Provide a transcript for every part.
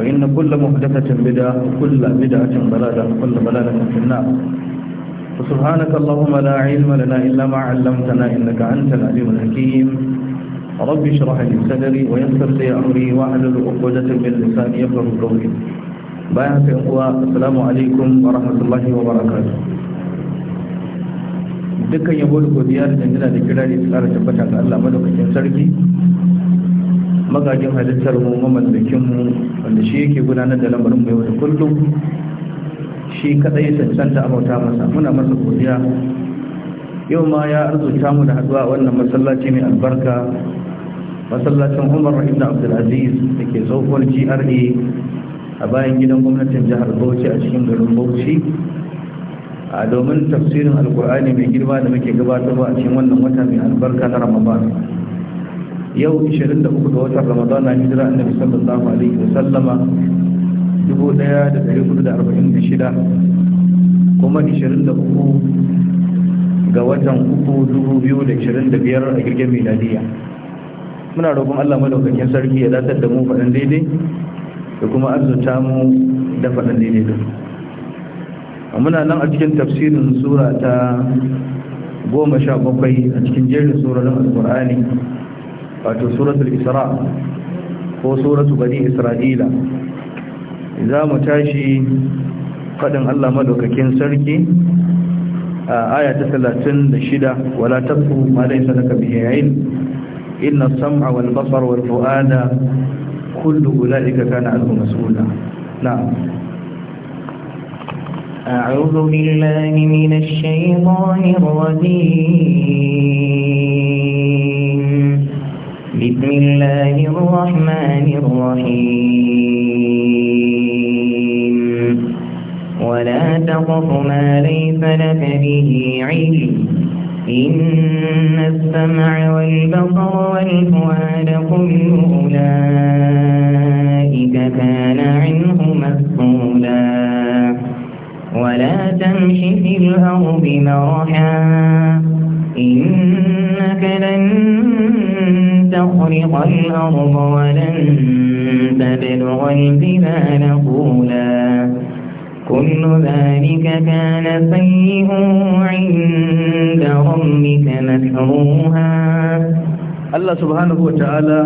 فإن كل محدثة بدعة وكل بدعة ضلالة وكل ضلالة في النار فسبحانك اللهم لا علم لنا إلا ما علمتنا إنك أنت العليم الحكيم رب اشرح لي صدري ويسر لي أمري واحلل عقدة من لساني يفقه قولي في إخوة السلام عليكم ورحمة الله وبركاته dukkan yabo da godiya da dangana da kira da tsara tabbata ga Allah madaukakin sarki magagin halittar mu mamallakin mu wanda shi yake gudanar da lamarin mai wata kullum shi kadai cancanta abauta masa muna masa godiya yau ma ya arzuta mu da haduwa wannan masallaci mai albarka masallacin umar ibn abdulaziz da ke tsohuwar gra a bayan gidan gwamnatin jihar bauchi a cikin garin bauchi a domin tafsirin alkur'ani mai girma da muke gabatarwa a cikin wannan wata mai albarka na ramadan yau 23 ga watan ramadan na hijira annabi sallallahu alaihi wa sallama 1446 kuma 23 ga watan 3225 a girgin miladiya muna roƙon Allah madaukakin sarki ya datar da mu faɗin daidai da kuma arzuta mu da faɗin daidai da muna nan a cikin tafsirin sura ta goma sha bakwai a cikin jerin surorin alƙur'ani wato suratul isra ko suratul bani isra'ila za mu tashi fadin Allah madaukakin sarki aya ta 36 wala taqfu ma laysa laka bihi ilm inna as-sam'a wal basara wal fu'ada kullu ulaika kana anhu mas'ula na'am أعوذ بالله من الشيطان الرجيم الرحمن الرحيم ولا تقف ما ليس لك به علم إن السمع والبصر والفؤاد كل أولئك كان عنه مسؤولا ولا تمش في الأرض مرحا إنك لن تخرق الأرض ولن تبلغ الجبال طولا كل ذلك كان سيئه عند ربك مكروها الله سبحانه وتعالى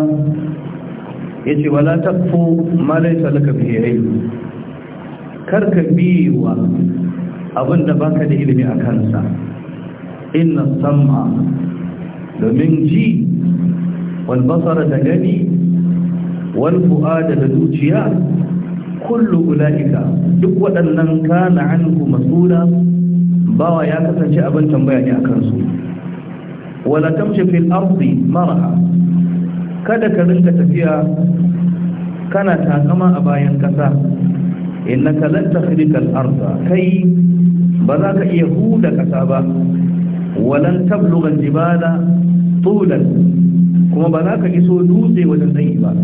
يجي ولا تكفو ما ليس لك به علم كرك بيوة أظن باك لإلمي أكنسا إن السمع لمن جي wal da gani wal fu'ada da zuciya kullu ulaika duk waɗannan kana anhu masula bawa ya kasance abin tambaya ne akan su wala tamshi fil ardi maraha kada ka rinka tafiya kana takama a bayan kasa innaka lan takhriqa al-arda kai ba za ka iya huda kasa ba walan tablugha al-jibala tulan kuma ba za ka iso dutse wajen tsayi ba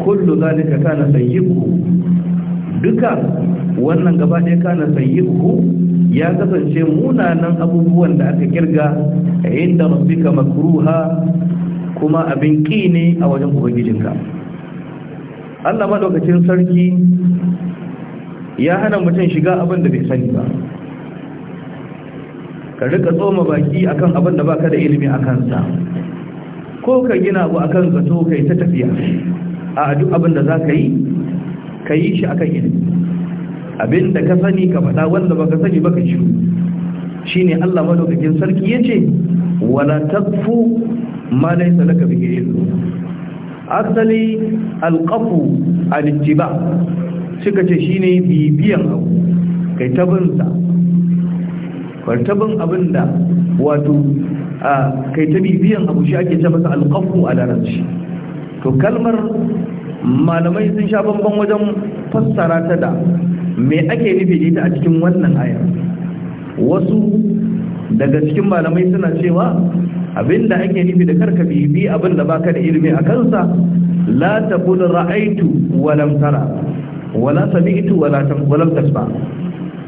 kullu zalika kana sayyibu duka wannan gaba ɗaya kana sayyibu ya kasance munanan abubuwan da aka kirga inda rabbika makruha kuma abin ƙi ne a wajen ubangijinka Allah maɗaukacin sarki ya hana mutum shiga abin da bai sani ba ka rika tsoma baki akan abin da baka da ilimi a kansa ko ka gina abu akan zato kai ta tafiya a duk abin da za ka yi ka yi shi akan ilimi abin da ka sani ka faɗa wanda ba ka sani ba ka shi shi ne Allah madaukakin sarki ya ce wala tafu ma laisa laka bihi ilmu asali alqafu alittiba suka ce shine bibiyan abu kai tabinsa kwartabin abinda wato A kai ta bibiyan abu shi ake ce masa alƙafu a larabci to kalmar malamai sun sha bamban wajen fassara ta da me ake nufi da ita a cikin wannan ayar wasu daga cikin malamai suna cewa abinda ake nufi da karka bibi abinda baka da ilimi a kansa la taqul ra'aitu wa lam tara wa la sami'tu wa lam tasma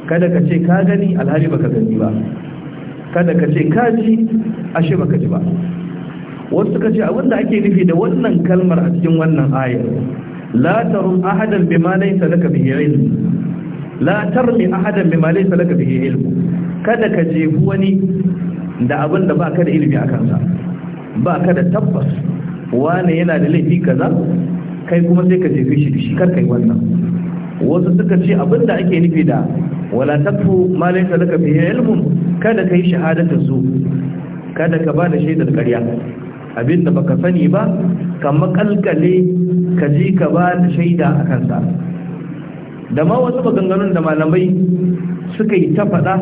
kada ka ce ka gani alhali baka gani ba kada ka ce ka ji ashe baka ji ba wasu suka ce abinda ake nufi da wannan kalmar a cikin wannan ayar la tarum ahadan bima laysa laka bihi ilm la tarmi ahadan bima laysa laka bihi ilm kada ka je wani da abinda baka da ilimi akan sa baka da tabbas wani yana da laifi kaza kai kuma sai ka jefe shi da shi kar kai wannan wasu suka ce abinda ake nufi da wala taqfu ma laysa laka bihi ilmun kada kai shahadatar su kada ka ba da shaidar ƙarya abinda baka sani ba ka makalkale ka ji ka ba da shaida a kansa da ma wasu maganganun da malamai suka yi ta faɗa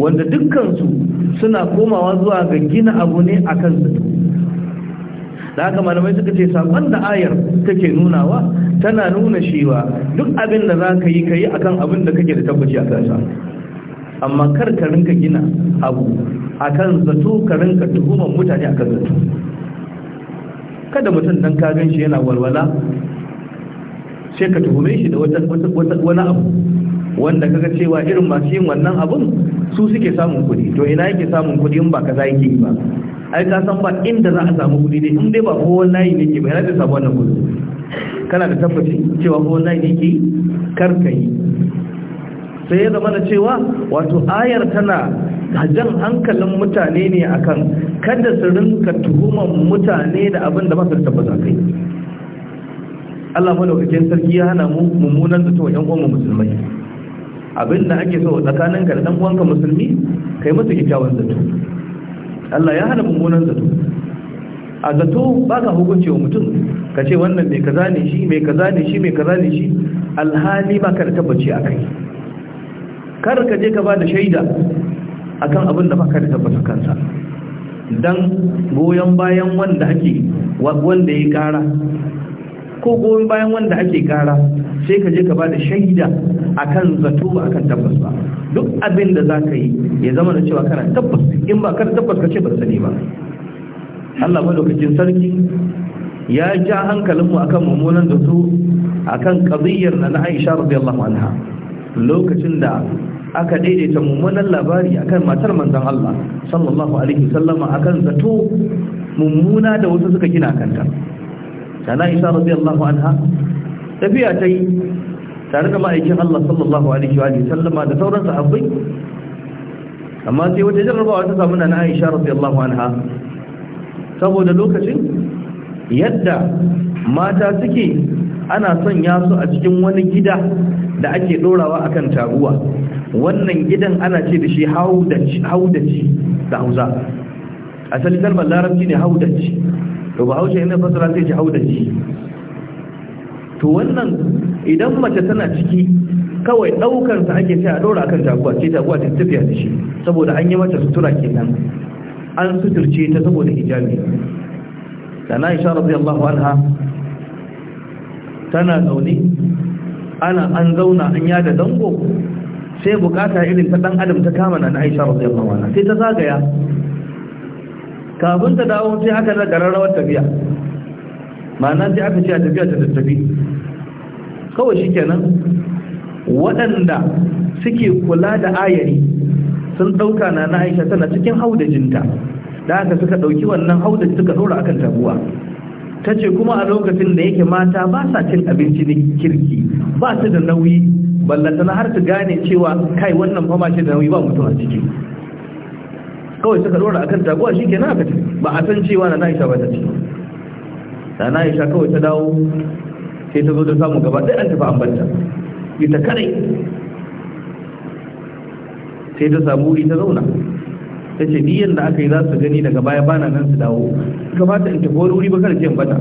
wanda dukkansu suna komawa zuwa ga gina abu ne a kansu da haka malamai suka ce sakon da ayar take nunawa tana nuna shiwa duk abin da za ka yi ka yi akan abin da kake da tabbaci a kansa amma kar ka rinka gina abu akan zato ka rinka tuhumar mutane akan zato kada mutum don ka shi yana walwala sai ka tuhume shi da wani abu wanda kaga cewa irin masu yin wannan abun su suke samun kuɗi to ina yake samun kuɗi in ba kaza yake yi ba ai ka san ba inda za a samu kuɗi dai in dai ba kowan layi ne ke bai rada samu wannan kuɗi kana da tabbaci cewa kowan layi ne ke kar ka yi sai ya zama na cewa wato ayar tana jan hankalin mutane ne akan kada su rinka tuhuman mutane da abin da ba su tabbata kai Allah malaukakin sarki ya hana mu mummunan zato wa 'yan uwan musulmai abin da ake so tsakaninka da ɗan uwanka musulmi kai musu kyakkyawan zato Allah ya hana mummunan zato a zato ba ka hukunce wa mutum ka ce wannan mai kaza ne shi mai kaza ne shi mai kaza ne shi alhali ba ka da tabbaci a kai kar ka je ka ba da shaida a kan abin da ba ka da tabbata kansa don goyon bayan wanda ake wanda ya kara ko goyon bayan wanda ake kara sai ka je ka ba da shaida a kan zato ba a kan tabbas ba duk abin da za ka yi ya zama da cewa kana tabbas in ba kana tabbas ka ce ba sani ba Allah madaukakin sarki ya ja hankalinmu akan mummunan da su akan qadiyyar na Aisha radiyallahu anha lokacin da aka daidaita mummunan labari akan matar manzon Allah sallallahu alaihi wasallama akan zato mummuna da wasu suka gina kanta sana Aisha radiyallahu anha tafiya tai tare da ma'aikin Allah sallallahu alaihi wa sallama da sauran sahabbai amma sai wata jarrabawa ta samu na Aisha radiyallahu anha saboda lokacin yadda mata suke ana ya su a cikin wani gida da ake dorawa akan taruwa wannan gidan ana ce da shi haudaci da hausa asali kalmar larabci ne haudaci to ba haushe ne fasara sai ce haudaci to wannan idan mace tana ciki kawai ɗaukansa ake sai a ɗora kan taguwa ce jaguwa ta tafiya da shi saboda an yi mata sutura kenan an suturce ta saboda hijabi na isha radiyallahu anha tana zaune ana an zauna an yada dango sai bukata irin ta dan adam ta kama na Aisha radiyallahu anha sai ta zagaya kafin ta dawo sai aka ga gararrawar tafiya ma'ana sai aka ce a tafiya ta tafi kawai shi kenan waɗanda suke kula da ayari sun ɗauka na na aisha tana cikin haudajinta da aka suka ɗauki wannan haudaji suka ɗora akan tabuwa ta ce kuma a lokacin da yake mata ba sa cin abinci ne kirki ba su da nauyi na har su gane cewa kai wannan fama ce da nauyi ba mutum a ciki kawai suka ɗora akan tabuwa shi na aka ba a san cewa na na aisha ba ta ce na na aisha kawai ta dawo sai ta zo ta samu gaba ɗaya an tafi ambanta ita kadai sai ta samu wuri ta zauna ta ce ni da aka yi za su gani daga baya bana nan su dawo kamata in tafi wani wuri ba kada ce bata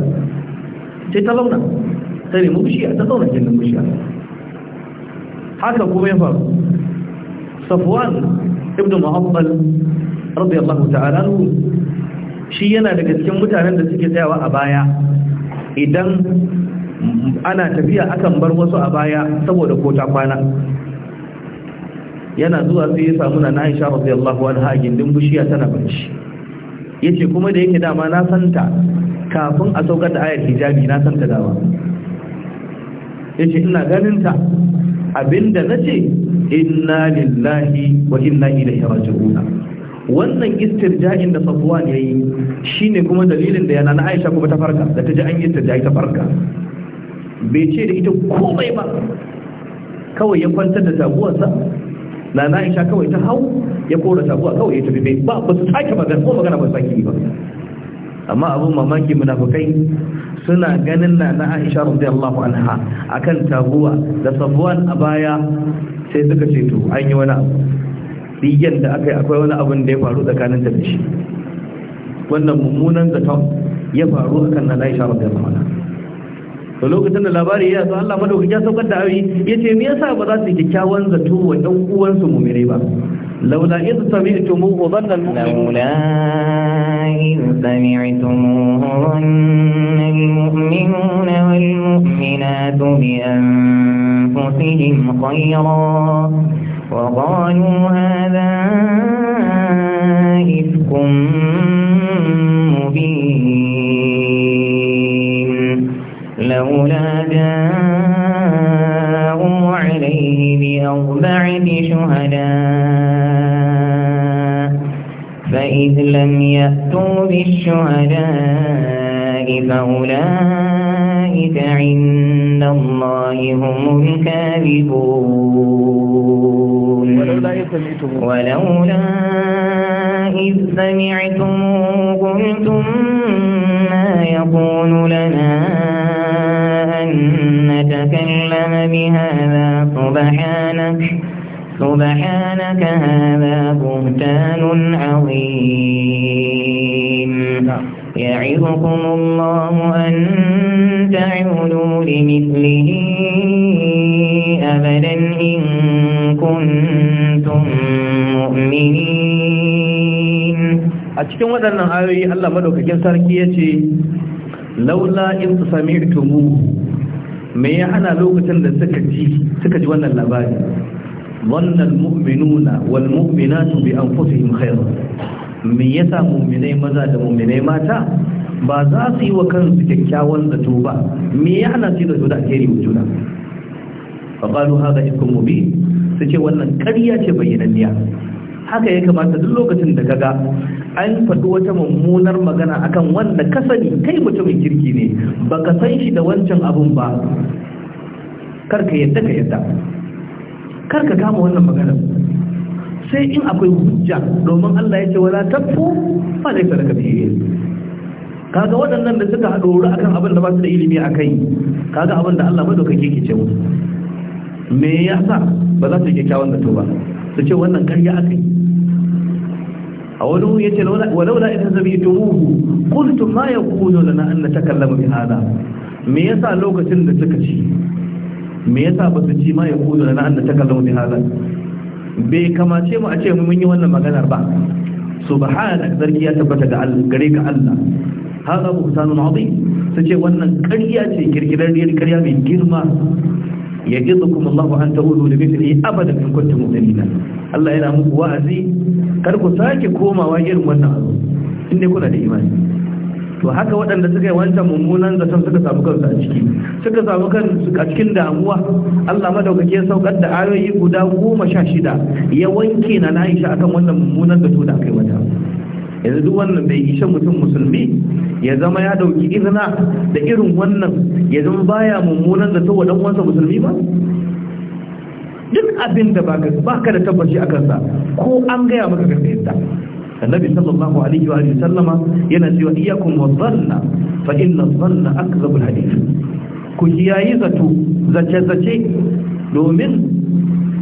sai ta zauna ta nemi bishiya ta zauna gindin bishiya haka kuma ya faru safwan ibnu muhammad radiyallahu ta'ala shi yana daga cikin mutanen da suke tsayawa a baya idan ana tafiya akan bar wasu a baya saboda ko ta kwana yana zuwa sai ya samu na Aisha radiyallahu anha gindin bushiya tana bacci yace kuma da yake dama na santa kafin a saukar da ayar hijabi na santa dama yace ina ganin ta abinda nace inna lillahi wa inna ilaihi raji'un wannan istirja'in da Safwan yayi shine kuma dalilin da yana na Aisha kuma ta farka da ta ji an yi ta farka bai ce da ita komai ba kawai ya kwantar da taguwarsa na na isha kawai ta hau ya kora taguwa kawai ya tafi bai ba ba su sake magana ko magana ba su sake ba amma abin mamaki munafukai suna ganin na na aisha radiyallahu anha akan taguwa da sabuwan a baya sai suka ce to an yi wani abu biyan da aka yi akwai wani abin da ya faru tsakanin da shi wannan mummunan zaton ya faru akan na na aisha radiyallahu anha to lokacin da labari ya so Allah madaukaki ya saukar da ayoyi yace me yasa ba za su kikkiawan zato wa dan uwan su mu'mine ba laula idh sami'tumuhu dhanna al-mu'minun laula idh sami'tumuhu dhanna al-mu'minuna wal mu'minatu bi anfusihim khayran وقالوا هذا إفكم الأربعة شهداء فإذ لم يأتوا بالشهداء فأولئك عند الله هم الكاذبون ولولا إذ سمعتم قلتم ما يقول لنا أن نتكلم بهذا سبحانك سبحانك هذا بهتان عظيم يعظكم الله أن تعودوا لمثله أبدا إن كنتم مؤمنين أتكلم أن هذه الله مدوك جنسان كيتي لولا إن تسمعتموه me ya hana lokacin da suka ji suka ji wannan labari wannan mu'minuna wal mu'minatu bi anfusihim khairan me yasa mu'minai maza da mu'minai mata ba za su yi wa kansu kyakkyawan zato ba me ya hana su da da alheri wa juna fa qalu hadha ifkum mubin sace wannan ƙarya ce bayyananniya haka ya kamata duk lokacin da kaga an faɗi wata mummunar magana akan wanda ka sani kai mutumin kirki ne ba ka san shi da wancan abun ba karka yadda ka yadda karka kama wannan magana sai in akwai hujja domin Allah ya ce wala tafu fa laysa laka bihi kaga waɗannan da suka haɗoru akan abin da ba su da ilimi akai kaga abin da Allah madaukake ke ce musu me yasa ba za su yi kyakkyawan to ba su ce wannan ƙarya akai A wani hu yace walaula idan wuhu, qultu ma ya yakunu na an natakallama bi hada me yasa lokacin da suka ci me yasa ba su ci ma ya yakunu na an natakallama bi hada bai kamace mu a ce mun yi wannan maganar ba subhanak zargi ya tabbata ga Allah gare ka Allah hada buhtanun azim ce wannan ƙarya ce kirkirarriyar ƙarya mai girma Ya yajidukum Allahu an ta'udu li mithlihi abadan in kuntum mu'minina Allah yana muku wa'azi kar ku sake komawa irin wannan abu inda kuna da imani to haka waɗanda suka yi wancan mummunan zaton suka samu kansu a ciki suka samu kansu a cikin damuwa Allah madaukake ya saukar da ayoyi guda goma sha shida ya wanke na Aisha akan wannan mummunan zato da kai wata. yanzu duk wannan bai ishe mutum musulmi ya zama ya dauki izina da irin wannan ya zama baya mummunan zato wa dan uwansa musulmi ba duk abin da ba ka da tabbaci a kansa ko an gaya maka gaskiyarsa annabi sallallahu alaihi wa sallama yana cewa iyyakum wadhanna fa inna dhanna akdhabul hadith ku kiyayi zato zace zace domin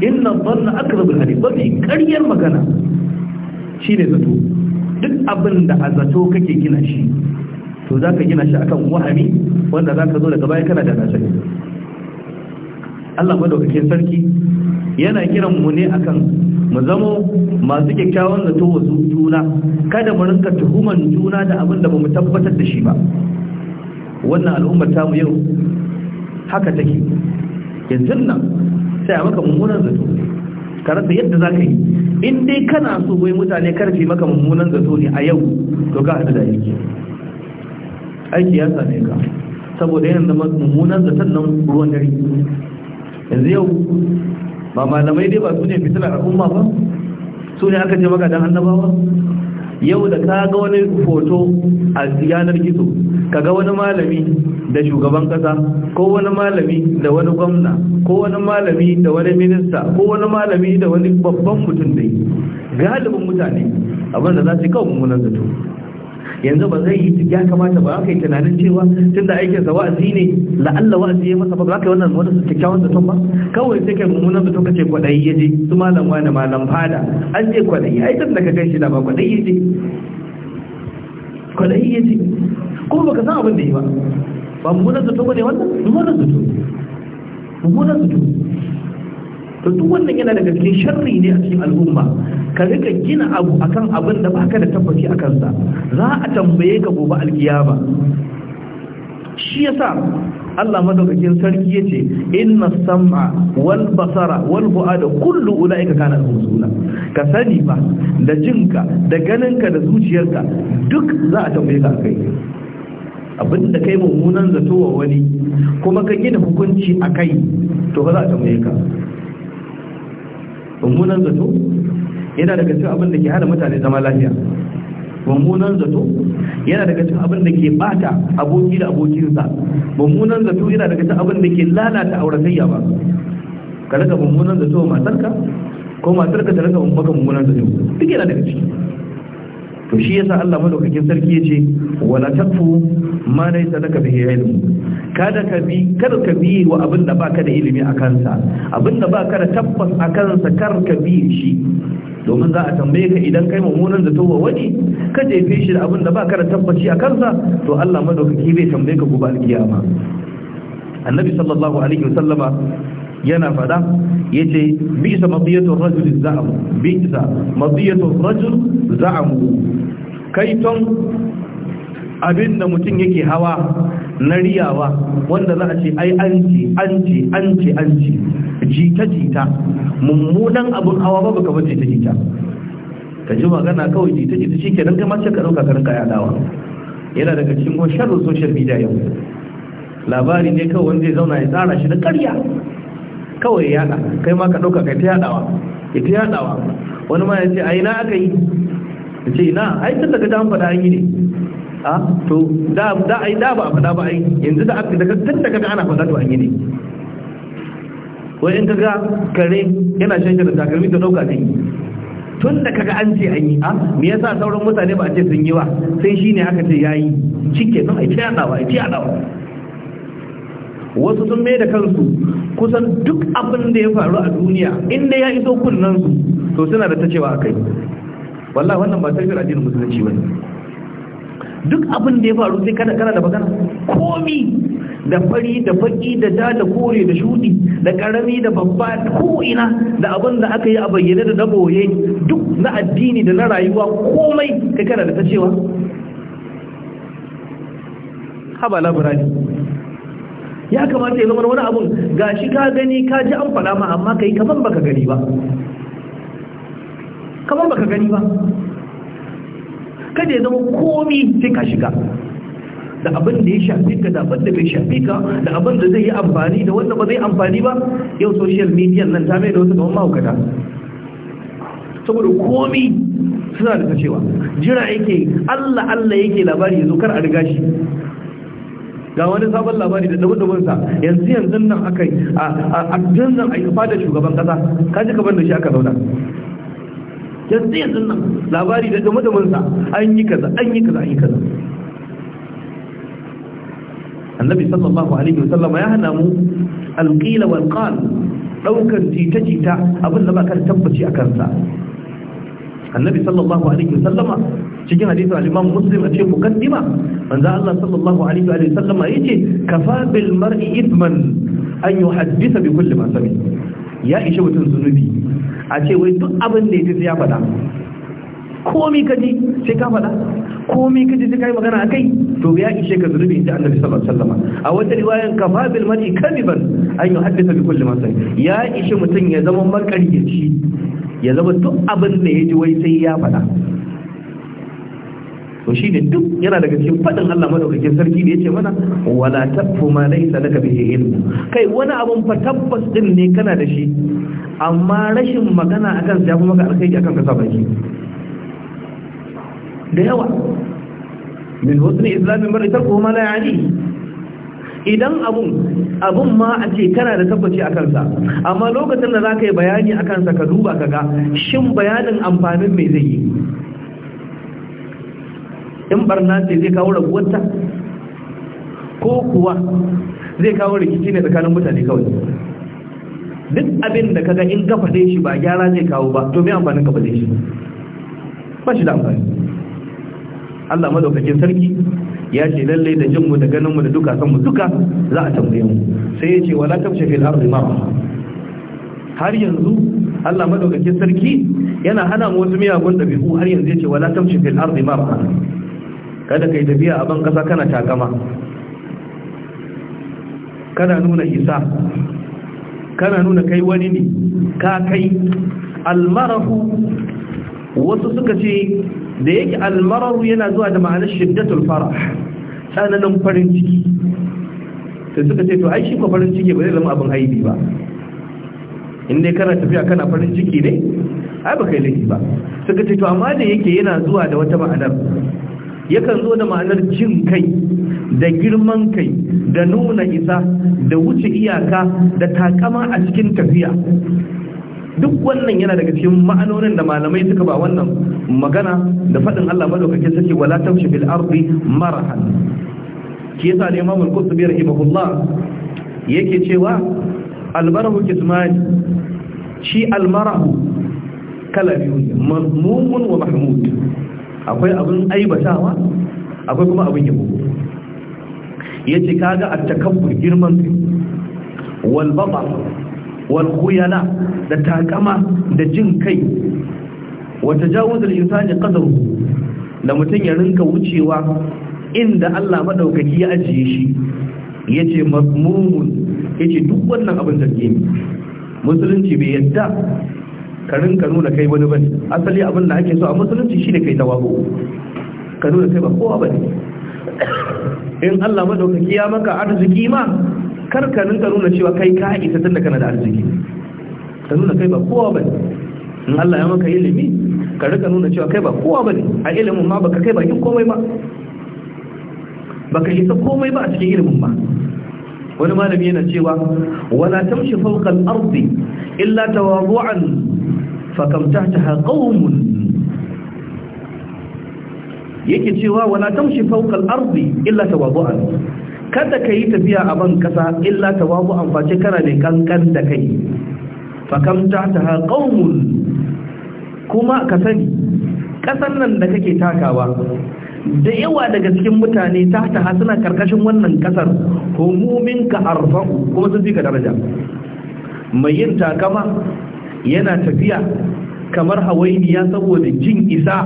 inna dhanna akdhabul hadith ba ƙaryar magana shine zato duk abin da a zato kake gina shi to zaka gina shi akan wahami wanda zaka zo daga baya kana da nasari Allah madaukakin sarki yana kiran mu ne akan mu zamo masu kyakkyawan zato wa juna kada mu rinka tuhuman juna da abin da bamu tabbatar da shi ba wannan al'ummar tamu yau haka take yanzu nan sai a maka mummunan zato ka rasa yadda za ka yi in dai kana so wai mutane karfi maka mummunan zato ne a yau to ka haɗu da aiki aiki ya same ka saboda yana da mummunan zaton nan ruwan dare yanzu yau ba malamai dai ba su ne fitilar al'umma ba su ne aka ce maka dan annabawa yau da ka ga wani foto a yanar gizo ka ga wani malami da shugaban kasa ko wani malami da wani gwamna ko wani malami da wani minista ko wani malami da wani babban mutum dai galibin mutane abinda za su yi kawo mummunan zato yanzu ba zai yi ya kamata ba aka yi tunanin cewa da aikin sa wa'azi ne la'alla wa'azi ya masa ba za ka yi wannan wani kyakkyawan zaton ba kawai sai kai mummunan zaton kace kwaɗayi ya je su malam wani malam fada an je kwaɗayi ai tun da ka gan shi da ba kwaɗayi ya je kwaɗayi ya je kuma baka san abin da yi ba ba mummunan zaton ba ne wannan mummunan zaton mummunan zaton to duk wannan yana daga cikin sharri ne a cikin al'umma ka rika gina abu akan abin da baka da tabbaci a kansa za a tambaye ka gobe alkiyama shi yasa Allah madaukakin sarki yace inna sam'a wal basara wal fu'ada kullu ulaika kana masula ka sani ba da jinka da ganinka da zuciyarka duk za a tambaye ka kai abin da kai mummunan zato wa wani kuma ka gina hukunci a kai to ba za a tambaye ka mummunan zato yana daga cikin abin da ke hana mutane zama lafiya mummunan zato yana daga cikin abin da ke bata aboki da abokinsa mummunan zato yana daga cikin abin da ke lalata auratayya ba ka rika mummunan zato matarka ko matarka ta rika maka mummunan zato duk yana daga ciki to shi yasa Allah madaukakin sarki yace wala taqfu ma laysa laka bihi ilm kada ka bi kada ka bi wa abin da baka da ilimi a kansa abin da baka da tabbas a kansa kar ka bi shi domin za a tambaye ka idan kai mummunan da towa wani ka jefe shi da abin da baka da tabbaci a kansa to Allah madaukaki bai tambaye ka gobe alkiyama annabi sallallahu alaihi wasallama yana fada yace bi'sa madiyatu ar-rajul za'am bi'sa madiyatu ar-rajul za'am kaiton abinda mutum yake hawa na riyawa wanda za a ce ai anci anci anci anci jita jita mummunan abun hawa ba baka bace jita jita ka ji magana kawai jita jita shi kenan kai ma sai ka dauka ka rinka dawa yana daga cikin sharrin social media yau labari ne kawai wanda zai zauna ya tsara shi da ƙarya kawai yada kai ma ka dauka kai ta yadawa ya ta yadawa wani ma ya ce a ina aka yi ya ce ina ai tun daga dan faɗa an yi ne a ah, to da ai da ba a faɗa ba ai yanzu da aka daga tun daga ana faɗa to an yi ne wai in kaga kare yana shan da takalmi ta ɗauka zai tun da kaga an ce an yi a ah, me yasa sauran mutane ba a ce sun yi ba sai shine aka ce yayi cike nan ai ta yadawa ai ta yadawa wasu sun mai da kansu kusan duk abin da ya faru a duniya inda ya iso su to suna da ta cewa a kai wallahi wannan ba tafiyar addinin musulunci ba duk abin da ya faru sai kada kana da bagana komi da fari da baki da da da kore da shudi da karami da babba ko ina da abin da aka yi a bayyane da daboye duk na addini da na rayuwa komai kai kana da ta cewa haba labarai ya kamata ya zama wani abun gashi ka gani ka ji an faɗa ma amma kai kaman baka gani ba kaman baka gani ba kada ya zama komi sai ka shiga da abin da ya shafi ka da abin da bai shafi ka da abin da zai yi amfani da wanda ba zai amfani ba yau social media nan ta mai da wasu kamar mahaukata saboda komi suna da cewa jira yake allah allah yake labari ya zo kar a riga shi ga wani sabon labari da daban sa yanzu yanzu nan aka yi a jannan a yi fada shugaban kasa ka ji kaban da shi aka zauna yanzu yanzu nan labari da daban sa an yi kaza an yi kaza an yi kaza annabi sallallahu alaihi wasallam ya hana mu alqila wal qal daukan jita jita abin da ba ka tabbaci a kansa. annabi sallallahu alaihi wasallama cikin hadisin al-Imam Muslim a ce mukaddima manzo Allah sallallahu alaihi wa sallam yace kafa bil mar'i ithman an yuhaddisa bi kulli ma sami ya ishe mutum zunubi a ce wai duk abin da yaji ya faɗa komai kaji sai ka faɗa komai kaji sai kai magana akai to ya ishe ka zunubi inda Annabi sallallahu alaihi wasallam a wata riwayan kafa bil mar'i kadiban an yuhaddisa bi kulli ma sami ya ishe mutum ya zama makaryaci ya zama duk abin da yaji wai sai ya faɗa to shi ne duk yana daga cikin faɗin Allah madaukakin sarki da ya ce mana wala tafu ma laysa laka bihi ilmu kai wani abun fa tabbas din ne kana da shi amma rashin magana akan sai ya kuma ka alkai akan ka saba shi da yawa min husni islamin mar'i tarku ma la ya'ni idan abun abun ma a ce kana da tabbaci a kansa amma lokacin da za ka yi bayani a kansa ka duba ka ga shin bayanin amfanin mai zai yi in barna ce zai kawo rabuwarta ko kuwa zai kawo rikici ne tsakanin mutane kawai duk abin da kaga in kafa dai shi ba gyara zai kawo ba to amfanin kafa dai shi ba shi da amfani Allah madaukakin sarki ya ce lalle da jinmu da ganinmu da duka sanmu duka za a tambaye mu sai ya ce wala tamshi fil ardi ma har yanzu Allah madaukakin sarki yana hana mu wasu miyagun dabi'u har yanzu ya ce wala tamshi fil ardi ma kada kai tafiya a ban kasa kana takama kana nuna isa kana nuna kai wani ne ka kai almarahu wasu suka ce da yake almararu yana zuwa da ma'anar shiddatul farah tsananin farin ciki sai suka ce to ai shi ko farin ciki ba zai zama abin haibi ba inda kana tafiya kana farin ciki ne ai ba kai laifi ba suka ce to amma da yake yana zuwa da wata ma'anar yakan zo da ma'anar jin kai da girman kai da nuna isa da wuce iyaka da takama a cikin tafiya duk wannan yana daga cikin ma'anonin da malamai suka ba wannan magana da faɗin Allah madaukakin sarki wala tamshi bil ardi marahan ke yasa ne Imam Al-Qurtubi rahimahullah yake cewa almarahu kismani shi almarahu kala biyu ne mazmumun wa mahmud akwai abin aibatawa akwai kuma abin yabo ya ce kaga a takabbur girman su walbaba walkuyala da takama da jin kai wata jawuzar insani kadaru da mutum ya rinka wucewa inda Allah madaukaki ya ajiye shi ya ce mazmumun ya ce duk wannan abin zargi musulunci bai yadda ka nuna kai wani bane asali abin da ake so a musulunci shine kai tawabu ka nuna kai ba kowa bane in Allah madaukaki ya maka arziki ma kar ka rinka nuna cewa kai ka isa tunda kana da arziki ka nuna kai ba kowa bane in Allah ya maka ilimi ka rinka nuna cewa kai ba kowa bane a ilimin ma baka kai bakin komai ba baka isa komai ba a cikin ilimin ba wani malami yana cewa wala tamshi fawqa al-ardi illa tawadhu'an fakam tahtaha qaumun yake cewa wala tamshi fawqa al-ardi illa tawadu'an kada kai tafiya a ban kasa illa tawadu'an face kana ne kankan da kai fakam tahtaha qaumun kuma ka sani kasan nan da kake takawa da yawa daga cikin mutane tahta suna karkashin wannan kasar humumin ka arfa kuma sun fi ka daraja mai yin takama yana tafiya kamar hawainiya saboda jin isa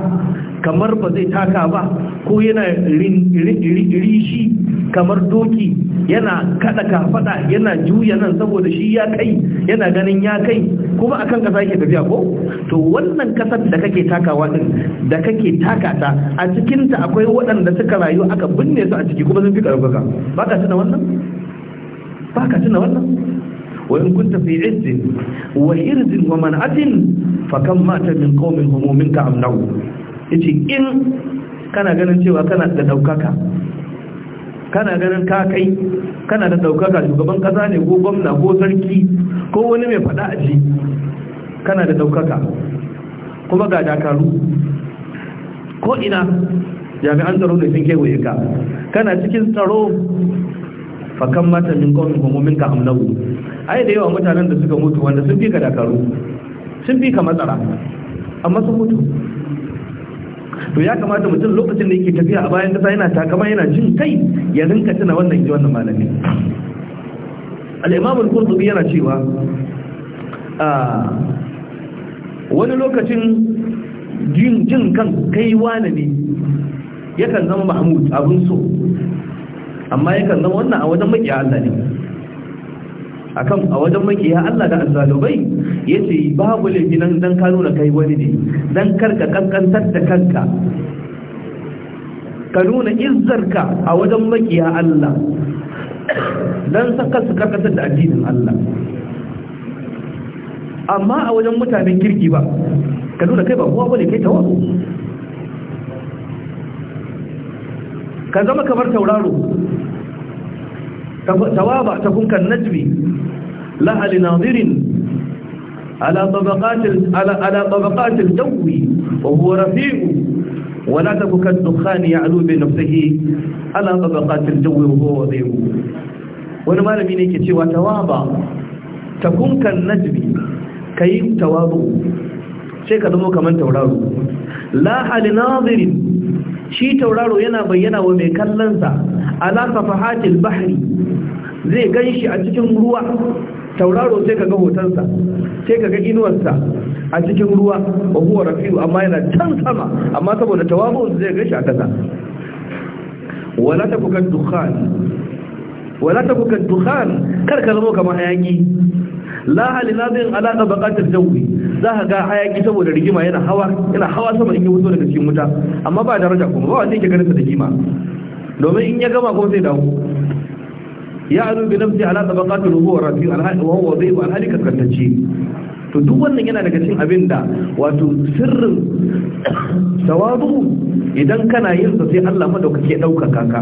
kamar ba zai taka ba ko yana shi kamar doki yana kada kafada yana juya nan saboda shi ya kai yana ganin ya kai kuma akan kasa yake tafiya ko to wannan kasar da kake takawa din da kake taka ta a cikin ta akwai waɗanda suka rayu aka binne su a ciki kuma sun fi karfafa baka tuna wannan baka tuna wannan وإن كنت في عز ajin? ومنعة فكم مات من قوم هم منك أمنعوا يجي إن كان ganin cewa kana da daukaka kana ganin ka kai kana da daukaka shugaban kasa ne ko gwamna ko sarki ko wani mai fada aji kana da daukaka kuma ga dakaru ko ina jami'an tsaro ne sun kewaye ka kana cikin tsaro fakan mata min kawai qawmin hum ka amlahu ai da yawa mutanen da suka mutu wanda sun fi ka dakaru sun fi ka matsara amma sun mutu to ya kamata mutum lokacin da yake tafiya a bayan kasa yana takama yana jin kai ya rinka tuna wannan ji wannan malami al'imamun kurzubi yana cewa ah, wani lokacin jin kan kai wane ne yakan zama mahmud abin so amma yakan zama wannan a wajen makiya Allah ne akan a wajen makiya Allah da azzalubai yace babu laifi nan dan ka nuna kai wani ne dan karka kankantar da kanka ka nuna izzarka a wajen makiya Allah dan saka su karkatar da addinin Allah amma a wajen mutanen kirki ba ka nuna kai ba kowa bane kai tawa? ka zama kamar tauraro tawaba takun kan najmi laha linadirin ala tabaqatil ala ala tabaqatil dawi wa ولا تكن كالدخان يعلو بنفسه على طبقات الجو وهو وضيع wani malami ne ke cewa tawaba ta kunkan najmi ka yi tawabu sai ka zama kamar tauraro la hali nazirin shi tauraro yana bayyana wa mai kallonsa ala safahatil bahri zai ganshi a cikin ruwa tauraro sai kaga hotonsa sai kaga inuwarsa a cikin ruwa wa huwa rafi'u amma yana can sama amma saboda tawabu zai ganshi a kasa wala ta tafuka dukhan wala ta tafuka dukhan kar ka zama kamar hayaki la halinazin ala tabaqatil jawi zaka ga hayaki saboda rigima yana hawa yana hawa sama in ya wuto daga cikin wuta amma ba daraja kuma ba wanda yake ganin sa da kima domin in ya gama kuma zai dawo ya azu bi nafsi ala tabaqati wa rafi alhali wa huwa dhayb alhali kantace. to duk wannan yana daga cikin abinda wato sirrin tawadu idan kana yin sa sai Allah ke daukaka ka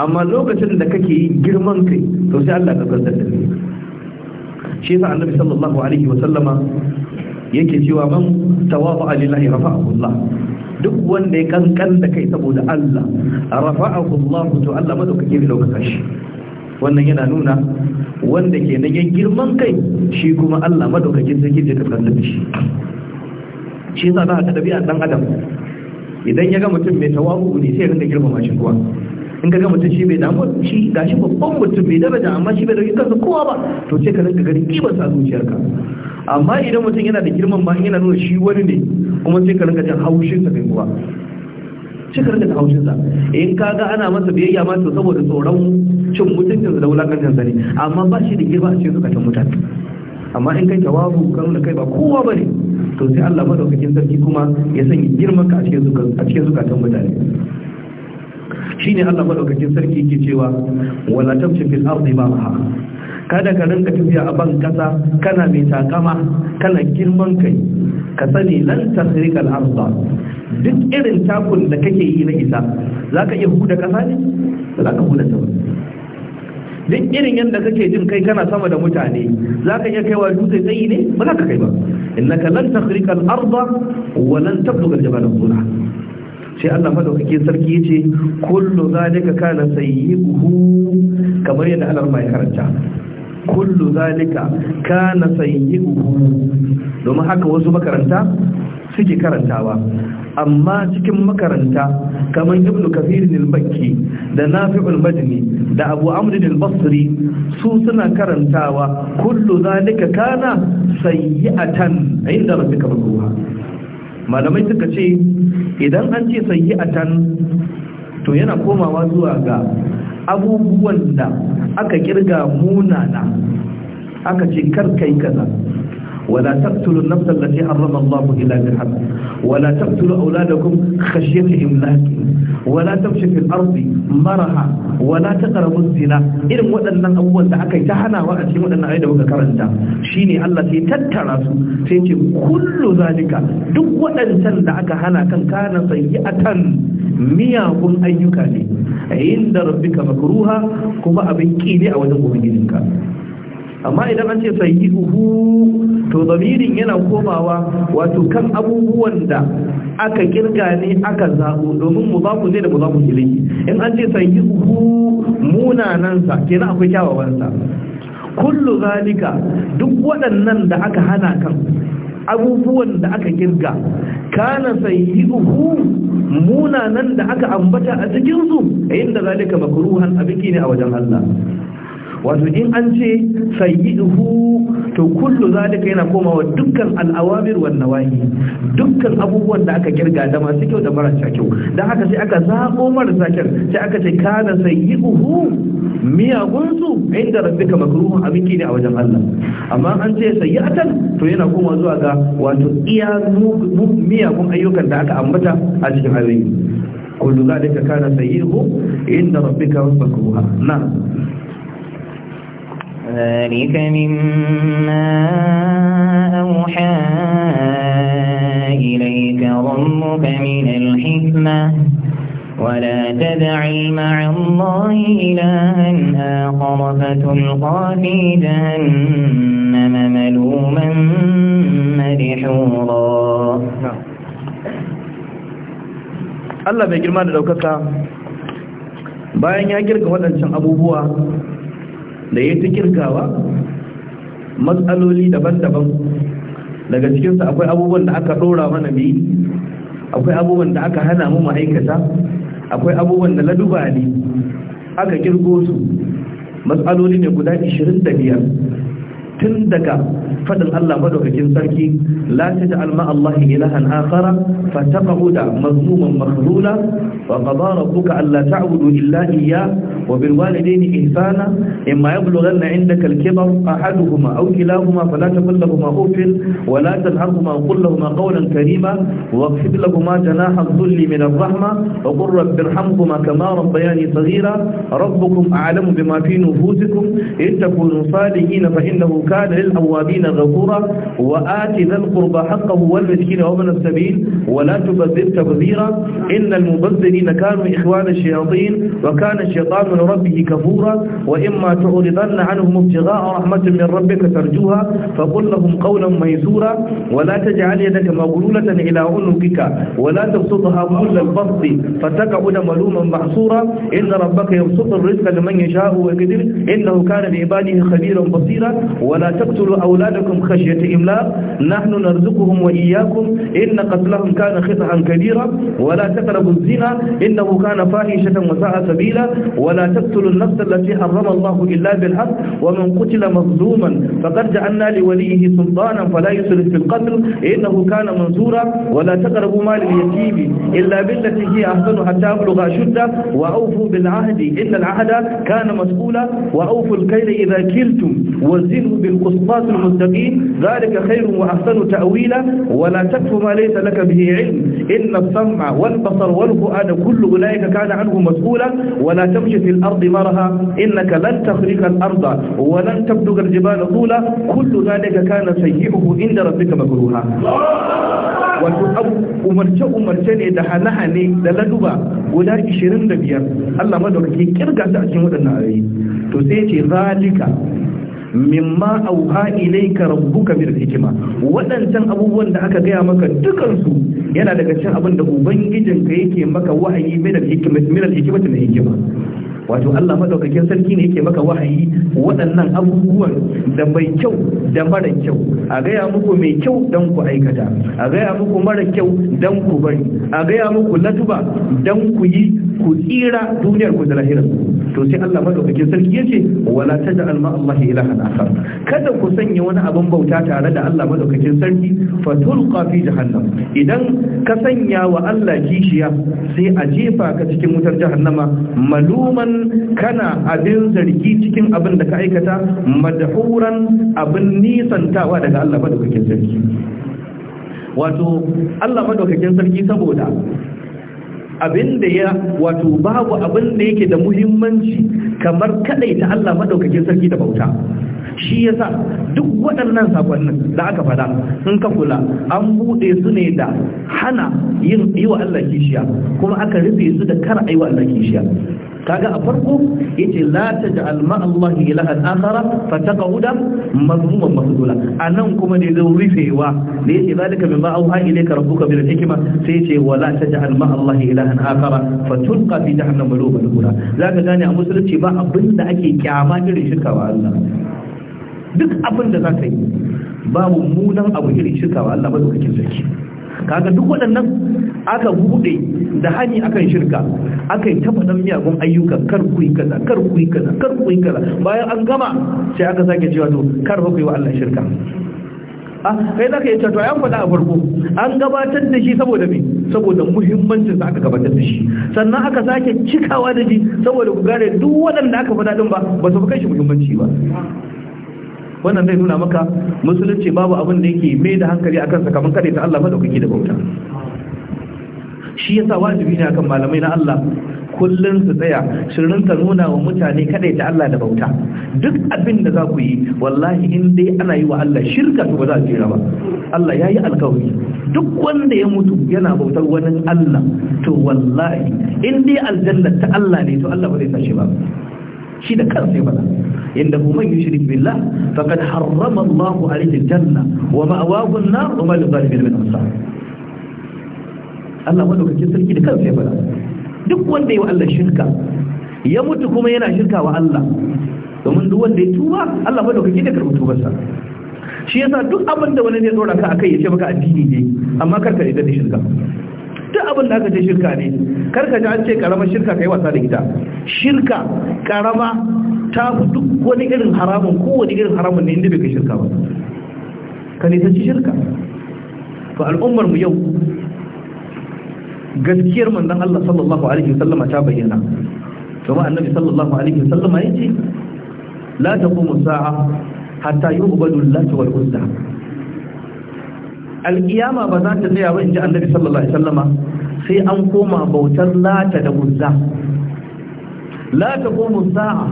amma lokacin da kake girman kai to sai Allah ka kaskanta da kai shi yasa annabi sallallahu alaihi wa sallama yake cewa man tawadu lillahi rafa'ahu Allah duk wanda ya kankan da kai saboda Allah rafa'ahu Allah to Allah madaukake ne lokacin shi wannan yana nuna wanda ke na girman kai shi kuma Allah madaukakin sarki zai kankan da shi shi yasa za ka dabi'a dan adam idan ya ga mutum mai tawabu ne sai ya rinka girmama shi kuwa in ka ga mutum shi bai damu shi gashi babban mutum bai da amma shi bai dauki kansa kowa ba to sai ka rinka ganin kibar sa zuciyarka amma idan mutum yana da girman ba yana nuna shi wani ne kuma sai ka rinka jin haushin sa kai kuwa sai ka rinka haushin sa in kaga ana masa biyayya ma to saboda tsoron cin mutuncin da wulakancin sa ne amma ba shi da girma a cikin zukatan mutane amma in kai jawabu ka nuna kai ba kowa bane to sai Allah madaukakin sarki kuma ya sanya girman ka a cikin zukatan mutane shine Allah madaukakin sarki yake cewa wala tamshi fil ardi maraha kada ka rinka tafiya a ban kasa kana mai takama kana girman kai ka sani lan tasrika al duk irin takun da kake yi na isa za ka iya huda kasa ne za ka huda ta duk irin yadda kake jin kai kana sama da mutane za ka iya kaiwa dutse tsayi ne ba za ka kai ba innaka lan tasrika al-ardh wa lan tabluga al-jabala tula sai Allah madaukakin sarki ce, kullu zalika kana sayyi'uhu kamar yadda Allah ya karanta kullu zalika kana sayyi'u domin haka wasu makaranta suke karantawa amma cikin makaranta kamar ibn kafir al-bakki da nafi'ul madini da abu amrin al-basri su suna karantawa kullu zalika kana sayyi'atan inda rabbika ruha malamai suka ce idan an ce sayyi'atan to yana komawa zuwa ga abubuwan da aka kirga munana aka ce kar kai kaza wala taqtulu an-nafsa harrama Allahu illa bil haqq ولا تقتلوا أولادكم خشية إملاق ولا تمشي في الأرض مرها ولا تقربوا الزنا إذن ودنا أول دعكي تحنا وأتي ودنا عيدا وكرنتا شيني الله في تترس سيتي كل ذلك دو ودن تندعك هنا كان كان سيئة مياهم أيك ne inda rabbika makruha kuma abin kine a wajen ubangijinka amma idan an ce sayyihu to zamirin yana komawa wato kan abubuwan da aka kirga ne aka zaɓo domin mu ku ne da mu za ku ilayhi in an ce sahihu nan sa kenan akwai kyawawan sa kullu zalika duk waɗannan da aka hana kan abubuwan da aka kirga kana sayyi'uhu munanan da aka ambata a cikin su inda zalika makruhan abiki ne a wajen Allah wato in an ce sayyi'uhu to kullu zalika yana komawa dukkan al'awamir wan nawahi dukkan abubuwan da aka kirga da masu kyau da marasa kyau dan haka sai aka zabo marasa kyau sai aka ce kana sayyi'uhu miya su inda rabbika makruhun abinki ne a wajen Allah amma an ce sayyi'atan to yana koma zuwa ga wato iya miya gun ayyukan da aka ambata a cikin ayoyi kullu zalika kana sayyi'uhu inda rabbika makruha na ذلك مما أوحى إليك ربك من الحكمة ولا تدع مع الله إلها آخر فتلقى في جهنم ملوما مدحورا نعم. الله بيجرمان لو كتا باين يجرق ya girka أبو بوا da ya ta kirkawa matsaloli daban-daban daga cikinsu akwai abubuwan da aka ɗora mana biyi akwai abubuwan da aka hana mu ma'aikata akwai abubuwan da laduba ne aka kirgo su matsaloli ne guda 25 tun daga faɗin Allah madaukakin sarki la taj'al ma Allah ilahan akhara فتقعد مظلوما مخذولا وقضى ربك ألا تعبدوا إلا إياه وبالوالدين إحسانا إما يبلغن عندك الكبر أحدهما أو كلاهما فلا تقل لهما أوف ولا تنهرهما وقل لهما قولا كريما واغفر لهما جناح الذل من الرحمة وقل رب ارحمهما كما ربياني صغيرا ربكم أعلم بما في نفوسكم إن تكونوا صالحين فإنه كان للأوابين غفورا وآت ذا القربى حقه والمسكين ومن السبيل ولا تبذر تبذيرا إن المبذرين كانوا إخوان الشياطين وكان الشيطان من ربه كفورا وإما تعرضن عنهم ابتغاء رحمة من ربك ترجوها فقل لهم قولا ميسورا ولا تجعل يدك مغلولة إلى عنقك ولا تبسطها كل البسط فتقعد ملوما محصورا إن ربك يبسط الرزق لمن يشاء ويقدر إنه كان بعباده خبيرا بصيرا ولا تقتلوا أولادكم خشية إملاق نحن نرزقهم وإياكم إن قتلهم كان كان خطأ كبيرا ولا تقربوا الزنا إنه كان فاحشة وساء سبيلا ولا تقتلوا النفس التي حرم الله إلا بالحق ومن قتل مظلوما فقد جعلنا لوليه سلطانا فلا يسرف في القتل إنه كان منصورا ولا تقربوا مال اليتيم إلا بالتي هي أحسن حتى أبلغ أشده وأوفوا بالعهد إن العهد كان مسؤولا وأوفوا الكيل إذا كلتم وزنوا بالقسطاس المستقيم ذلك خير وأحسن تأويلا ولا تكف ما ليس لك به العلم إن السمع والبصر والفؤاد كل أولئك كان عنه مسؤولا ولا تمشي في الأرض مرها إنك لن تخرق الأرض ولن تبلغ الجبال طولا كل ذلك كان سيئه عند ربك مكروها wato umarce-umarce ne da hane-hane da laduba guda 25 Allah madaukake kirga ta a cikin waɗannan ayoyi to sai ce zalika mimma auha ilayka rabbuka bil hikma Waɗancan abubuwan da aka gaya maka dukan su yana daga cikin abin da ubangijinka yake maka wahayi min al hikma min al hikma wato Allah madaukakin sarki ne yake maka wahayi waɗannan abubuwan da mai kyau da mara kyau a gaya muku mai kyau don ku aikata a gaya muku mara kyau don ku bari a gaya muku latuba don ku yi ku tsira duniyar ku da lahirar to sai Allah madaukakin sarki yace wala taj'al ma Allah ilahan akhar kada ku sanya wani abin bauta tare da Allah madaukakin sarki fa tulqa fi jahannam idan ka sanya wa Allah kishiya sai a jefa ka cikin wutar jahannama maluman kana abin zargi cikin abin da ka aikata madahuran abin nisantawa daga Allah madaukakin sarki wato Allah madaukakin sarki saboda abin da ya wato babu abin da yake da muhimmanci kamar kadai Allah madaukakin sarki da bauta shi ya sa duk waɗannan sakonnin da aka fada sun ka kula an buɗe su ne da hana yi wa Allah kishiya kuma aka rufe su da kar a yi wa Allah kishiya kaga a farko yace la taj'al ma Allah ilahan akhara fataqauda mazmuman masdula anan kuma da zai rufewa da yace zalika mimma auha ilayka rabbuka bil hikma sai yace wala taj'al ma Allah ilahan akhara fatulqa fi jahannam maluban kula zaka gane a musulunci ba abinda ake kyama irin shirka wa Allah duk abin da za ka yi ba munan abu irin shirka ba Allah madaukakin sarki kaga duk waɗannan aka buɗe da hani akan shirka aka yi tafa dan miyagun ayyuka kar ku yi kaza kar ku yi kaza kar ku yi kaza bayan an gama sai aka sake cewa to kar ku yi wa Allah shirka a ah, kai zaka yi to ayan faɗa a farko an gabatar da shi saboda me saboda muhimmancin aka gabatar da shi sannan aka sake cikawa da shi saboda ku gane duk waɗanda aka faɗa din ba ba su kai shi muhimmanci ba wannan zai nuna maka musulunci babu abin da yake mai da hankali akan sa kamar kada ta Allah madaukaki da bauta shi yasa wajibi ne akan malamai na Allah kullun su tsaya shirin ta nuna wa mutane kada ta Allah da bauta duk abin da za ku yi wallahi in dai ana yi wa Allah shirka to ba za a jira ba Allah ya yi alkawari duk wanda ya mutu yana bautar wani Allah to wallahi in dai aljanna ta Allah ne to Allah ba zai tashi ba shi da kansa ya faɗa inda kuma yushrik billah faqad harrama Allahu alayhi janna, wa ma'awahu an-nar wa ma lidh-dhalimin min ansar Allah madaukakin sarki da kansa ya faɗa duk wanda ya wa Allah shirka ya mutu kuma yana shirka wa Allah domin duk wanda ya tuba Allah madaukaki da karɓi tubarsa shi yasa duk abin da wani zai dora ka akai ya ce maka addini ne amma karka da shirka duk abin da aka ce shirka ne karka ji an ce karama shirka kai wasa da ita shirka karama ta fi duk wani irin haramun kowane irin haramun ne inda bai kai shirka ba ka ne ta ci shirka to al'ummar mu yau gaskiyar manzon Allah sallallahu alaihi wasallama ta bayyana kuma annabi sallallahu alaihi wasallama yace la taqumu sa'a hatta yu'badu lillahi wal uzza alkiyama ba za ta tsaya ba in ji annabi sallallahu alaihi sallama. sai an koma bautar lata da uzza la taqumu sa'a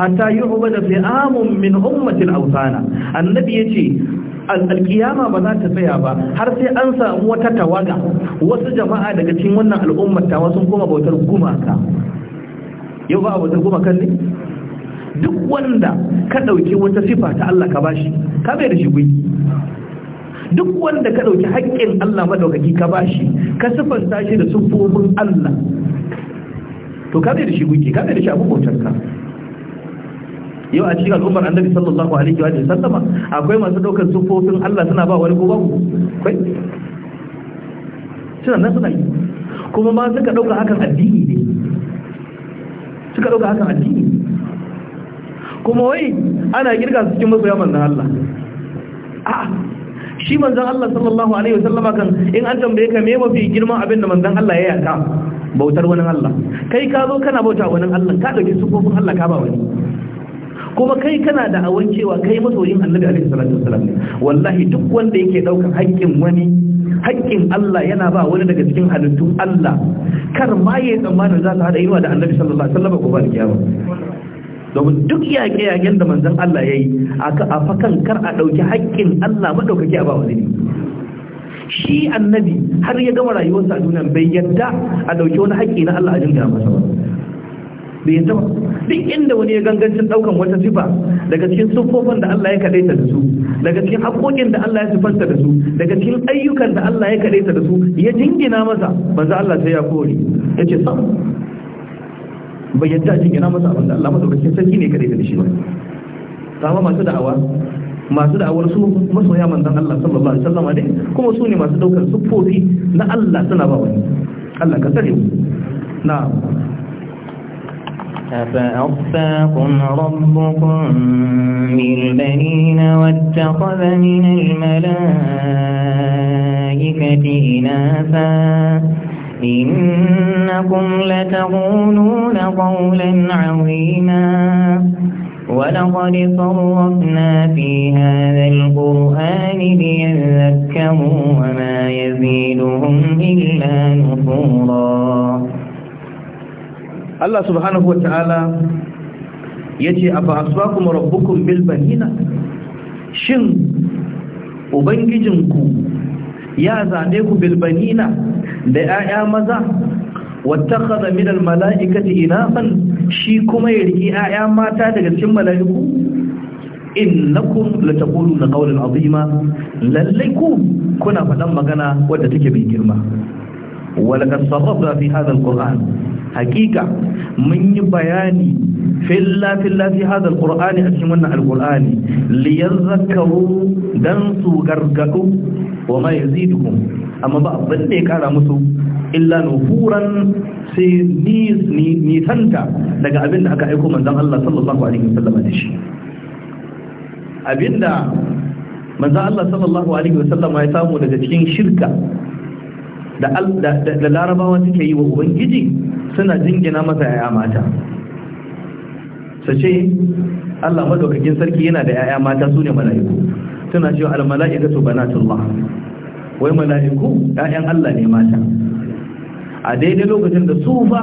hatta yuhbada fi'amun min ummati al-awthana annabi yace alkiyama ba za ta tsaya ba har sai an samu wata tawaga wasu jama'a daga cikin wannan al'ummar tawa sun koma bautar gumaka yau ba bautar gumakan ne duk wanda ka ɗauki wata sifa ta Allah ka bashi ka bai da shi gwi duk wanda ka ɗauki haƙƙin Allah maɗaukaki ka bashi ka siffanta shi da siffofin Allah to ka zai da shi guke ka zai da shi abu bautar ka yau a cikin al'ummar annabi sallallahu alaihi wa sallama akwai masu ɗaukar siffofin Allah suna ba wani ko ku? kai suna nan suna yi kuma ma suka ɗauka hakan addini ne suka ɗauka hakan addini kuma wai ana girka su cikin masoya manzon Allah a'a shi manzan Allah sallallahu alaihi wasallam kan in an tambaye ka me mafi girman abin da manzan Allah ya yaka bautar wani Allah kai ka zo kana bauta wani Allah ka dauki sufofin Allah ka ba wani kuma kai kana da awon cewa kai masoyin annabi alaihi salatu wasallam ne wallahi duk wanda yake daukan haƙƙin wani haƙƙin Allah yana ba wani daga cikin halittun Allah kar ma yayi tsammanin za ta hada inuwa da annabi sallallahu alaihi wasallam ko ba kiyama domin duk yage yagen da manzan Allah ya yi a fakan kar a ɗauki hakkin Allah maɗaukaki a ba wa zini shi annabi har ya gama rayuwarsa a duniya bai yadda a ɗauki wani hakki na Allah a masa ba bai yadda duk inda wani ya gangancin ɗaukan wata sifa daga cikin siffofin da Allah ya kaɗaita da su daga cikin haƙoƙin da Allah ya siffanta da su daga cikin ayyukan da Allah ya kaɗaita da su ya jingina masa banza Allah sai ya kore ya ce bai yadda cikin gina masa abin da Allah madaukakin sarki ne kare da shi ba sama masu da'awa masu da'awar su masoya manzon Allah sallallahu alaihi wasallam ne kuma su ne masu daukar siffofi na Allah suna ba wani Allah ka tsare mu na'am أفأصفاكم ربكم بالبنين واتخذ من الملائكة إناثا إنكم لتقولون قولا عظيما ولقد صرفنا في هذا القرآن ليذكروا وما يزيدهم إلا نفورا الله سبحانه وتعالى يتي أفأصباكم ربكم بالبنينة شن ubangijinku ya zaɓe ku da 'ya'ya maza wattakhadha min almalaikati inasan shi kuma ya riki 'ya'ya mata daga cikin malaiku innakum lataquluna qawlan azima lallaiku kuna faɗan magana wadda take mai girma walaqad sarrafna fi hadha alquran haqiqa mun yi bayani filla filla fi hadha alquran a cikin wannan alqurani liyadhakkaru dan su gargadu wa ma yazidukum amma ba abin da ya kara musu illa nufuran sai nisanta daga abin da aka aiko manzan Allah sallallahu alaihi wasallam da shi da manzan Allah sallallahu alaihi wasallam ya samu daga cikin shirka da larabawa suke yi wa ubangiji suna jingina masa yaya mata su ce Allah madaukakin sarki yana da yaya mata su ne mala'iku suna cewa al-mala'ikatu banatullah wai mala'iku Ya'yan Allah ne mata a daidai lokacin da su fa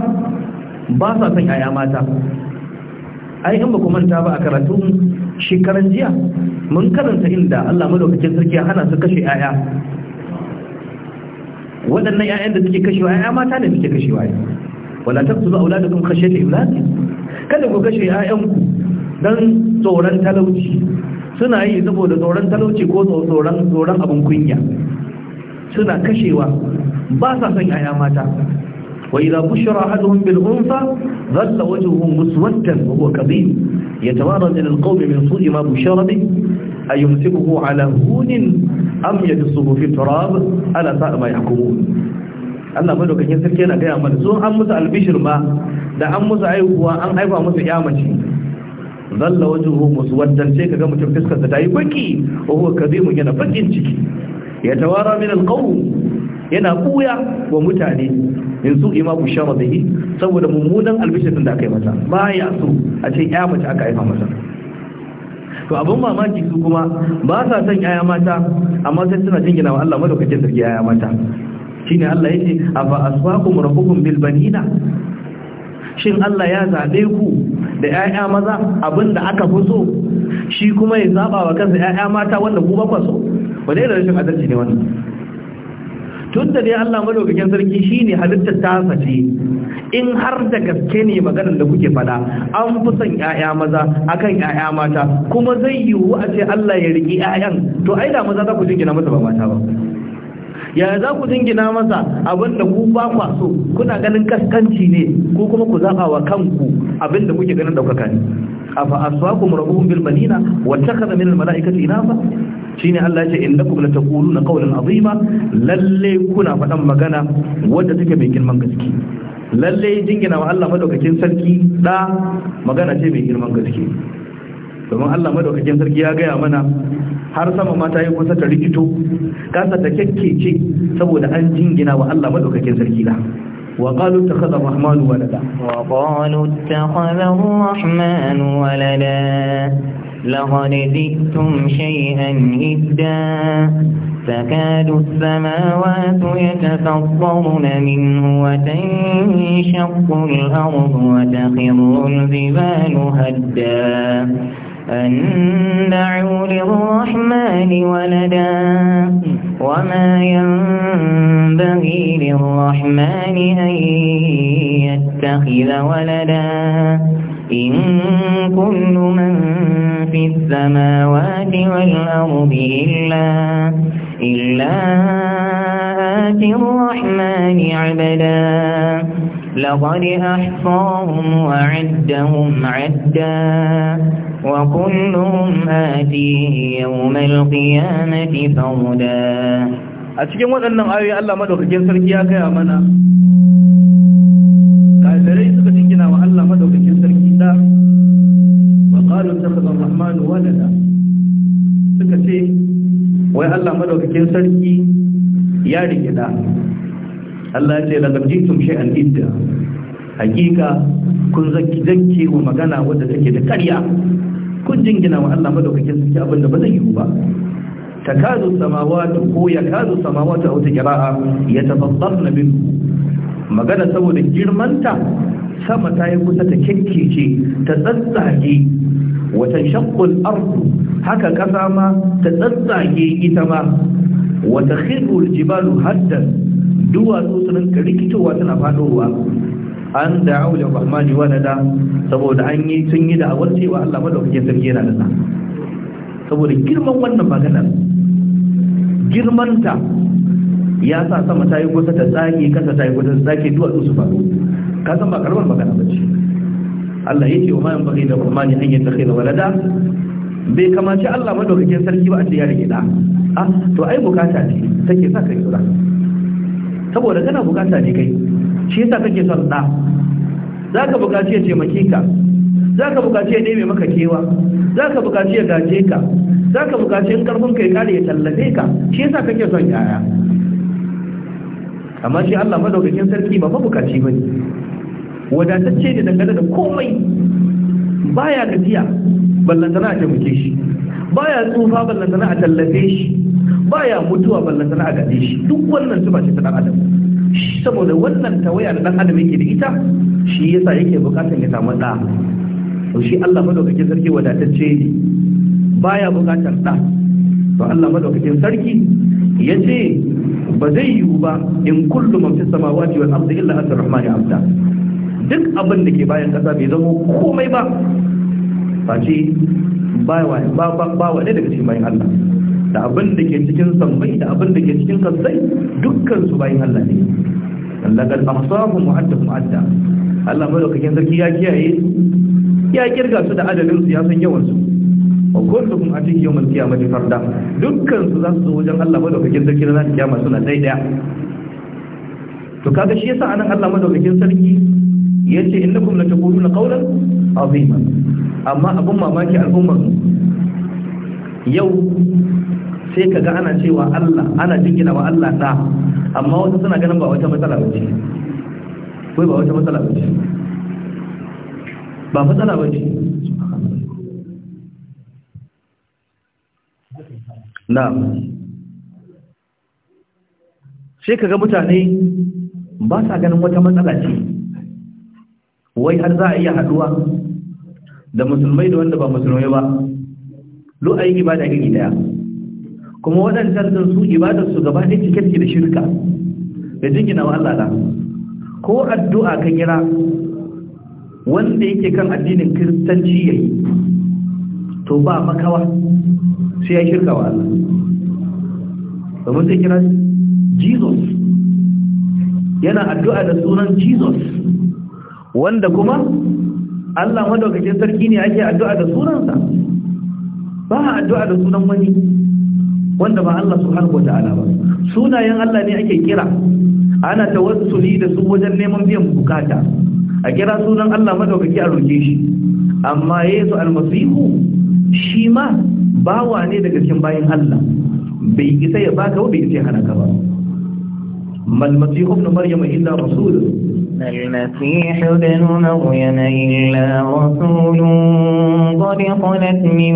ba sa son ƴaƴa mata ai in ba ku manta ba a karatu shekaran jiya mun karanta inda Allah madaukakin sarki ya hana su kashe ƴaƴa waɗannan ƴaƴan da suke kashewa ‘ya’ya mata ne suke kashewa wala taqtulu kashe ta imlaq kada ku kashe ƴaƴanku dan tsoron talauci suna yi saboda tsoron talauci ko tsoron tsoron abin kunya suna kashewa ba sa son yaya mata wa idza bushira ahaduhum bil unsa dhalla wajhuhu muswaddan wa huwa kadhib يتوارد من القوم من سوء ما بشر ay yumsikuhu ala hunin am يدسه fi turab ala sa ma يحكمون Allah yin sarki yana ga yamma sun an musu albishir ma da an musu aihuwa an haifa musu ya zalla wajhuhu muswaddan sai ga mutum fuskar ta yi baki wa huwa kadhimun yana bakin ciki ya tawara min alqawm yana buya wa mutane in su ima ku shama bihi saboda mummunan albishirin da aka yi masa ya so a ce ya mace aka haifa masa to abin mamaki su kuma ba sa son yaya mata amma sai suna jingina wa Allah madaukakin sarki yaya mata shine Allah yake afa asbaqum rabbukum bil banina shin Allah ya zabe ku da 'ya'ya maza abin da aka fi so shi kuma ya saba wa kansa 'ya'ya mata wanda ku bakwa so wanda yana rashin adalci ne wannan tun da dai Allah madaukakin sarki shine halittar ta sace in har da gaske ne maganar da kuke faɗa, an fi son 'ya'ya maza akan 'ya'ya mata kuma zai yiwu a ce Allah ya riki 'ya'yan to ai da maza za ku jingina masa ba mata ba ya za ku jingina masa abin da ku ba kwa so kuna ganin kaskanci ne ko kuma ku zaba wa kanku abin da kuke ganin daukaka ne afa aswaqum rabbuhum bil manina wa takhadha min ina ba? Shi ne Allah ya ce innakum la na qawlan azima lalle kuna faɗan magana wanda take mai girman gaske lalle jingina wa Allah madaukakin sarki ɗa, magana ce mai girman gaske domin Allah madaukakin sarki ya gaya mana har sama ma ta yi kusa ta rikito kasa ta kyakkece saboda an jingina wa Allah madaukakin sarki da وقالوا اتخذ الرحمن ولدا وقالوا اتخذ الرحمن ولدا لقد جئتم شيئا إدا تكاد السماوات يتفطرن منه وتنشق الأرض وتخر الزبال هدا أن دعوا للرحمن ولدا وما ينبغي للرحمن أن يتخذ ولدا إن كل من في السماوات والأرض إلا, إلا آتي الرحمن عبدا لقد أحصاهم وعدهم عدا وكلهم آتيه يوم القيامة فردا أتكلم أن آية الله مدوكين سرقيا كيامنا كافرين سكتكنا وألا مدوكين سرقيا وقالوا اتخذ الرحمن ولدا سكتي وألا مدوكين سرقيا يا رجلا Allah ce da gabjitum shay'an idda hakika kun zaki zaki wa magana wadda take da ƙarya kun jingina wa Allah madaukakin sarki abin da ba zai yiwu ba takadu samawati ko yakadu samawati a wata yatafaddalna bin magana saboda girmanta sama ta yi kusa ta kekkece ta tsatsage wata shakkul ardu haka ƙasa ma ta tsatsage ita ma wata khirul jibalu haddan duwatsu su rikitowa tana faɗowa an da aulin rahmani da saboda an yi sun yi da awar cewa Allah madaukakin sarki yana da na. saboda girman wannan maganar girmanta ya sa sama ta yi kusa ta tsaki kasa ta yi kusa ta tsaki duwatsu su faru ka san ba karbar magana ba ce Allah ya ce wa mayan bari da rahmani an yi da walada bai kamace Allah madaukakin sarki ba a ce ya rike da a ah, to ai bukata ne take sa kai kula saboda kana bukata ne kai shi yasa kake son da zaka buƙaci ya taimake ka zaka bukaci ya neme maka kewa zaka bukaci ya gaje ka zaka buƙaci in karfin ya kare ya tallafe ka shi yasa kake son yaya amma shi Allah madaukakin sarki ba bukaci bane wadatacce ne dangane da komai baya gajiya sana a taimake shi baya tsufa sana a tallafe shi baya mutuwa sana a gaje shi duk wannan tuba ce ta dan adam saboda wannan tawaya da dan adam yake da ita shi yasa yake bukatar ya samu da to shi Allah madaukakin sarki wadatacce ne baya bukatar da to Allah madaukakin sarki yace ba zai yiwu ba in kullu man fi samawati wal ardi illa ar abda duk abin da ke bayan kasa bai zama komai ba face ba wa ba ba daga cikin bayan Allah da abin da ke cikin sammai da abin da ke cikin kasai dukkan su bayin Allah ne Allah kan ahsahu mu'adda mu'adda Allah madaukakin sarki ya kiyaye ya kirga su da adadin su ya san yawan su wa kullukum atihi yawm al-qiyamati farda dukkan su za su wajen Allah madaukakin sarki na kiyama suna dai daya to kaga shi yasa anan Allah madaukakin sarki yace innakum taquluna qawlan azima amma abun mamaki al'ummar yau sai ka ga ana cewa Allah ana jingina wa Allah ta amma wasu suna ganin ba wata matsala bace kai ba wata matsala bace ba matsala bace na'am sai ka ga mutane ba sa ganin wata matsala ce wai har za a iya haduwa da musulmai da wanda ba musulmai ba lo a yi ibada gidi daya kuma waɗancan sun su ibadarsu gaba ɗaya cikin da shirka da jingina wa Allah da ko addu'a ka kira wanda yake kan addinin kiristanci yayi to ba makawa sai ya shirka wa Allah domin sai kira Jesus yana addu'a da sunan Jesus wanda kuma Allah madaukakin sarki ne ake addu'a da sunansa ba addu'a da sunan wani wanda ba Allah subhanahu wata'ala ba sunayen Allah ne ake kira ana tawassuli da su wajen neman biyan bukata a kira sunan Allah madaukaki a roke shi amma Yesu almasihu shi ma bawa ne daga cikin bayin Allah bai isa ya baka ba bai isa ya hana ka ba mal masihu ibn maryam illa rasulun المسيح ابن مريم illa rasul qad qalat min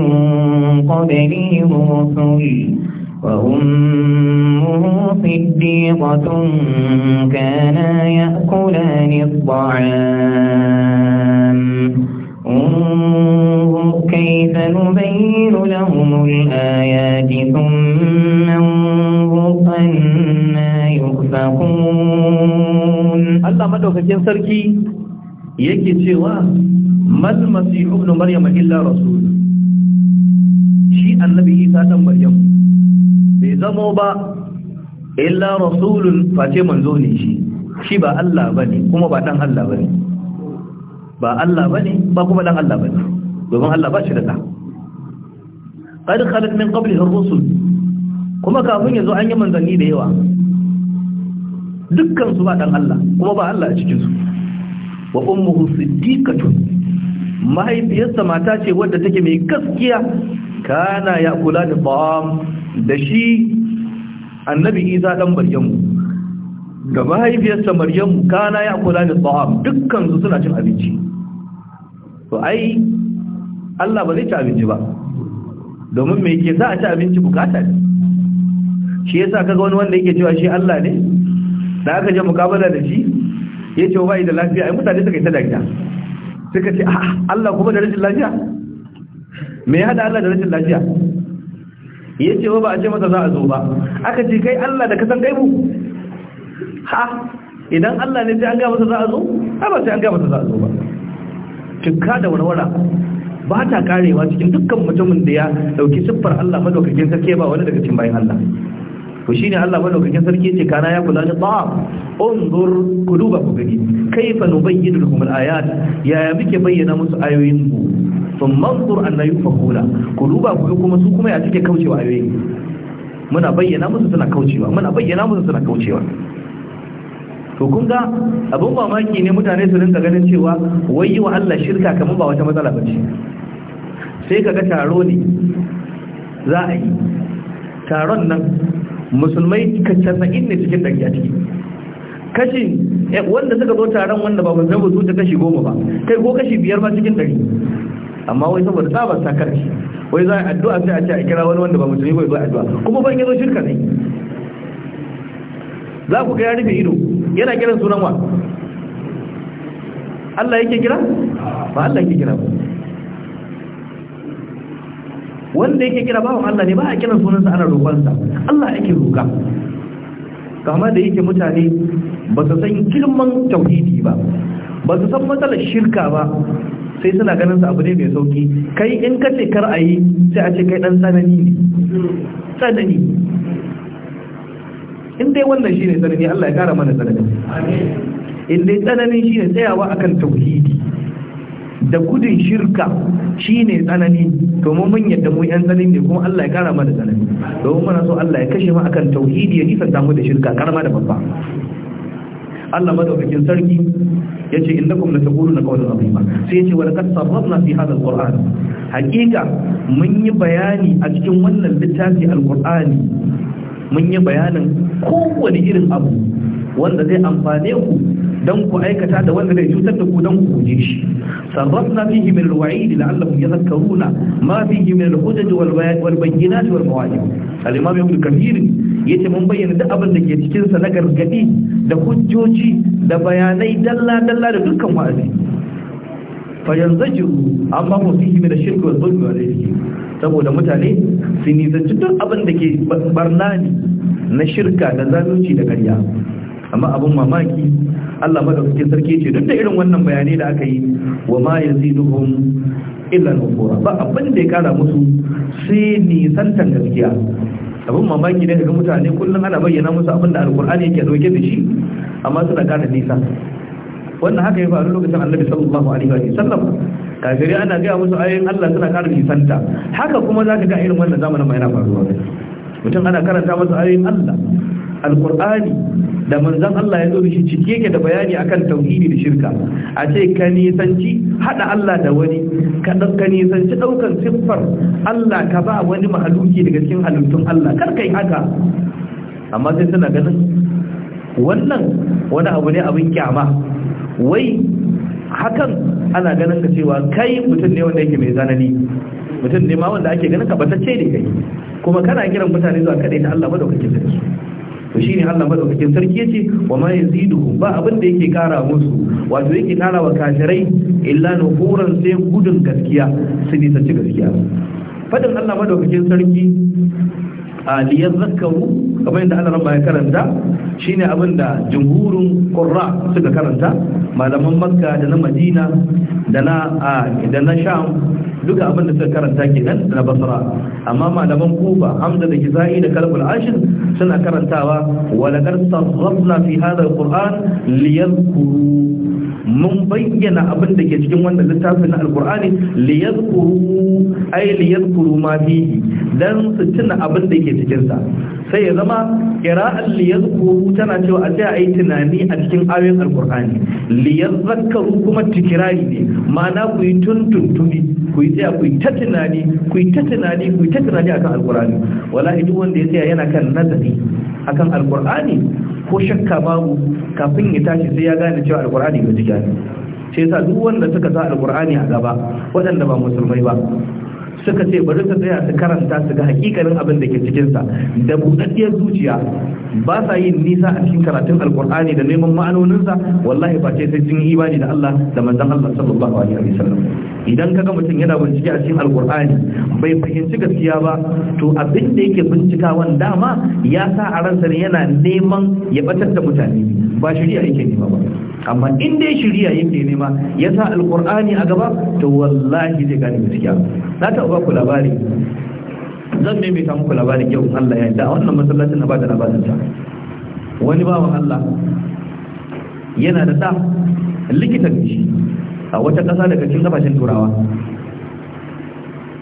qablihi rusul وأمه صديقة كانا يأكلان الطعام انظر كيف نبين لهم الآيات ثم انظر أنا يؤفكون الله مدوكتين سركي يكي cewa ما المسيح ابن مريم إلا رسول shi annabi isa dan zamo ba illa rasulun face manzo ne shi shi ba Allah bane kuma ba dan Allah bane ba Allah bane ba kuma dan Allah bane domin Allah ba shi da ta qad khalat min qablihi ar-rusul kuma kafin yazo an yi manzanni da yawa dukkan su ba dan Allah kuma ba Allah a cikin su wa ummuhu siddiqatun mahaifiyarsa mata ce wadda take mai gaskiya kana ya kula da ta'am da shi annabi isa dan maryamu da mahaifiyarsa maryamu kana ya kula da ta'am dukkan su suna cin abinci to ai Allah ba zai ci abinci ba domin me ke za a ci abinci bukata ne shi yasa kaga wani wanda yake cewa shi Allah ne da aka je mukabala da shi Ya ce wa da lafiya ai mutane suka yi ta dagiya suka ce Allah kuma da rashin lafiya me ya hada Allah da rashin lafiya ya ce ba a ce masa za a zo ba aka ce kai Allah da kasan gaibu ha idan Allah ne sai an ga masa za a zo ha ba sai an ga masa za a zo ba tukka da warwara ba ta karewa cikin dukkan mutumin da ya dauki siffar Allah madaukakin sarki ba wani daga cikin bayan Allah to shine Allah madaukakin sarki yace kana ya kula ni ta'am unzur ku gani kayfa nubayyinu lakum al-ayat ya muke bayyana musu ayoyin mu sun mansur an na yi fahula ku duba ku kuma su kuma ya suke kaucewa a ayoyi muna bayyana musu suna kaucewa muna bayyana musu suna kaucewa to kun ga abin mamaki ne mutane su rinka ganin cewa wai yi wa Allah shirka kamar ba wata matsala bace sai kaga taro ne za a yi taron nan musulmai na ne cikin dangi a ciki kashi wanda suka zo taron wanda ba zai zo ta kashi goma ba kai ko kashi biyar ba cikin dari. amma wai saboda tsabar sakar shi wai za a addu'a sai a ce a kira wani wanda ba musulmi ba ya addu'a kuma ban yazo shirka ne za ku ga ya rufe ido yana kiran sunan wa Allah yake kira ba Allah yake kira ba wanda yake kira bawan Allah ne ba a kiran sunansa ana roƙonsa Allah yake roƙa kama da yake mutane ba su san girman tauhidi ba ba su san matsalar shirka ba sai suna ganin su abu ne mai sauki kai in ka ce kar a yi sai a ce kai dan tsanani ne tsanani in dai wannan shine tsanani Allah ya kara mana tsanani in dai tsanani shine tsayawa akan tauhidi da gudun shirka shine tsanani to mun mun yadda mu yan tsanani ne kuma Allah ya kara mana tsanani domin muna so Allah ya kashe mu akan tauhidi ya nisa mu da shirka karama da babba Allah madaukakin sarki yace innakum lataquluna qawlan azima sai yace wa laqad sarrafna fi hadha alquran haqiqa mun yi bayani a cikin wannan littafi alqurani mun yi bayanin kowane irin abu wanda zai amfane ku don ku aikata da wanda zai cutar da ku don ku guje shi sarrafna fihi min alwa'id la'allahum yadhakkaruna ma fihi min alhujaj wal bayyinat wal mawa'id al-imam ibn kathir yace mun bayyana duk abin da ke cikin sa na gargadi da hujjoji da bayanai dalla-dalla da dukkan wa'azi fayan zaki amma masu himi da shirka wa zulmi wa laifi saboda mutane su nisanci duk abin da ke barna ne na shirka da zanuci da karya amma abin mamaki Allah suke sarki ce duk da irin wannan bayanai da aka yi wa ma yaziduhum illa nufura ba abin da ya kara musu sai nisantan gaskiya abin mamaki ne ga mutane kullum ana bayyana musu abin da alkur'ani yake dauke da shi amma suna ƙara nisa wannan haka ya faru lokacin annabi sallallahu alaihi wa sallam kafiri ana gaya musu ayoyin Allah suna ƙara nisanta haka kuma zaka ga irin wannan zamanin ma na faruwa mutum ana karanta masa ayoyin Allah alqur'ani da manzon Allah ya zo da shi cike yake da bayani akan tauhidi da shirka a ce ka nisanci hada Allah da wani ka ka nisanci daukan siffar Allah ka ba wani mahaluki daga cikin halittun Allah kar kai haka amma sai suna ganin wannan wani abu ne abin kyama wai hakan ana ganin ka cewa kai mutum ne wanda yake mai zanani mutum ne ma wanda ake ganin ka batacce ne kai kuma kana kiran mutane zuwa kaɗai ta Allah madaukakin sarki to shine Allah madaukakin sarki yace wa ma yazidu ba abin da yake kara musu wato yake kara wa kafirai illa nufuran sai gudun gaskiya su ne sace gaskiya fadin Allah madaukakin sarki a liyar zakaru kamar yadda Allah ya karanta shine abin da jumhurun qurra suka karanta malaman makka da na madina da na da na sham duka abin da suka karanta kenan da na basra amma malaman kufa hamza da kizai da kalbul ashir suna karantawa wa laqad sarrafna fi hadha alquran liyadhkuru mun bayyana abin da ke cikin wannan littafin na alkur'ani liyadkuru ay liyadkuru ma fihi dan su tuna abin da ke cikin sa sai ya zama qira'an liyadkuru tana cewa a sai ayi tunani a cikin ayoyin alkur'ani liyadhakkaru kuma tikirari ne ma'ana ku yi tuntuntuni ku yi tsaya ku yi ta tunani ku yi ta tunani ku yi tunani akan alkur'ani Wala duk wanda ya tsaya yana kan nazari akan alkur'ani ko shakka babu kafin ya tashi sai ya gane cewa alkur'ani ga ne sai yasa duk wanda suka sa alkur'ani a gaba waɗanda ba musulmai ba suka ce bari su tsaya su karanta su ga hakikanin abin da ke cikinsa da buɗaɗɗiyar zuciya ba sa yin nisa a cikin karatun alkur'ani da neman ma'anoninsa wallahi ba ce sai sun yi imani da Allah da manzon Allah sallallahu alaihi wasallam idan kaga mutum yana bincike a cikin alkur'ani bai fahimci gaskiya ba to abin da yake bincikawan dama ya sa a ransa yana neman ya batar da mutane ba shari'a yake nema ba amma in dai shirya yin da nema ya sa alkur'ani a gaba to wallahi zai gane gaskiya na taɓa ku labari zan mai maimaita muku labarin yau Allah ya da wannan masallacin na ba da labarin ta wani bawa Allah yana da ɗa likita shi a wata ƙasa daga cikin kafashin turawa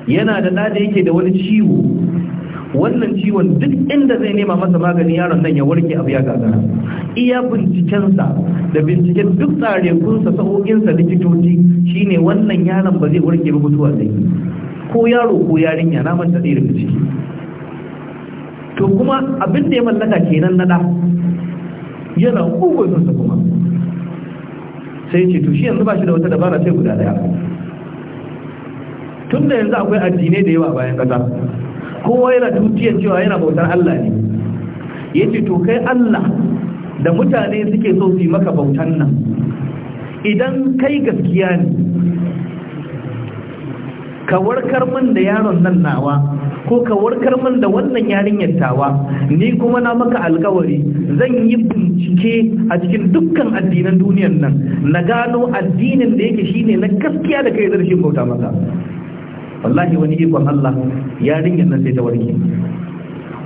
yana da ɗa da yake da wani ciwo wannan ciwon duk inda zai nema masa magani yaron nan ya warke abu ya gagara iya bincikensa da binciken duk tsarekunsa sa'o'insa likitoci shine wannan yaron ba zai warke ba mutuwa zai ko yaro ko yarinya na manta ɗaya daga ciki to kuma abin da ya mallaka kenan na da yana sa kuma sai ce to shi yanzu ba shi da wata dabara sai guda daya tun da yanzu akwai addinai da yawa bayan kasa. kowa yana tutiyar cewa yana bautar Allah ne ya ce to kai Allah da mutane suke so su yi maka bautan nan idan kai gaskiya ne ka warkar min da yaron nan nawa ko ka warkar min da wannan yarinyar tawa ni kuma na maka alkawari zan yi bincike a cikin dukkan addinan duniyar nan na gano addinin da yake shine na gaskiya da kai shi bauta maka wallahi wani ikon Allah yarinyar nan sai ta warke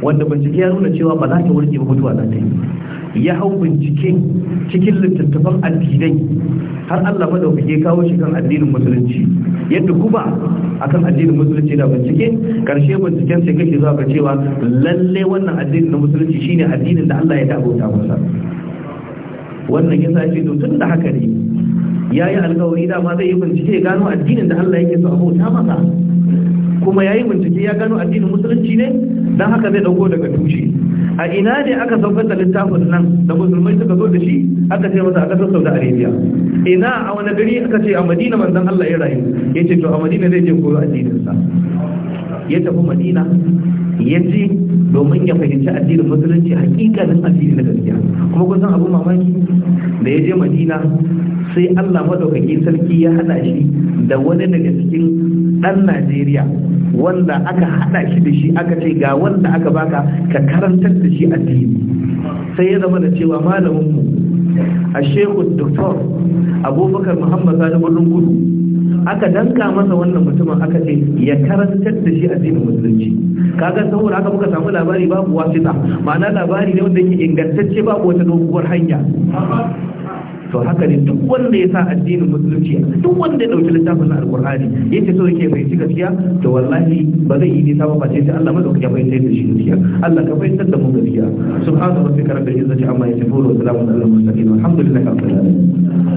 wanda bincike ya nuna cewa ba za ta warke ba mutuwa za ta yi ya hau bincike cikin littattafan addinai har Allah madaukake kawo shi kan addinin musulunci yadda kuma akan addinin musulunci da bincike karshe binciken sai kake zuwa ga cewa lalle wannan addinin musulunci shine addinin da Allah ya dabota masa wannan yasa ce to tun da haka ne yayi alkawari dama zai yi bincike gano addinin da Allah yake so a bauta masa kuma yayi bincike ya gano addinin musulunci ne dan haka zai dauko daga tushe a ina ne aka saukar da littafin nan da musulmai suka zo da shi aka ce masa aka sassau da arabiya ina a wani gari aka ce a madina manzan allah ya rayu ya ce to a madina zai je koyo addininsa ya tafi madina ya je domin ya fahimci addinin musulunci hakikalin addini na gaskiya kuma san abu mamaki da ya je madina sai allah madaukakin sarki ya hada shi da wani daga cikin dan najeriya wanda aka hada shi da shi aka ce ga wanda aka baka ka karantar da shi addini sai ya zama da cewa malamin mu a shehu doktor abubakar muhammad sani birnin gudu aka danka masa wannan mutumin aka ce ya karantar da shi addinin musulunci kaga saboda aka muka samu labari babu wasita ma'ana labari ne wanda yake ingantacce babu wata doguwar hanya to haka ne duk wanda ya sa addinin musulunci duk wanda ya dauki littafin na alkur'ani yace so yake cika gaskiya to wallahi ba zai yi nisa ba face sai Allah madaukaki ya fahimtar da shi gaskiya Allah ka fahimtar da mu gaskiya subhanahu wa ta'ala rabbil izzati amma yasifun wa salamun alal mursalin walhamdulillahi rabbil alamin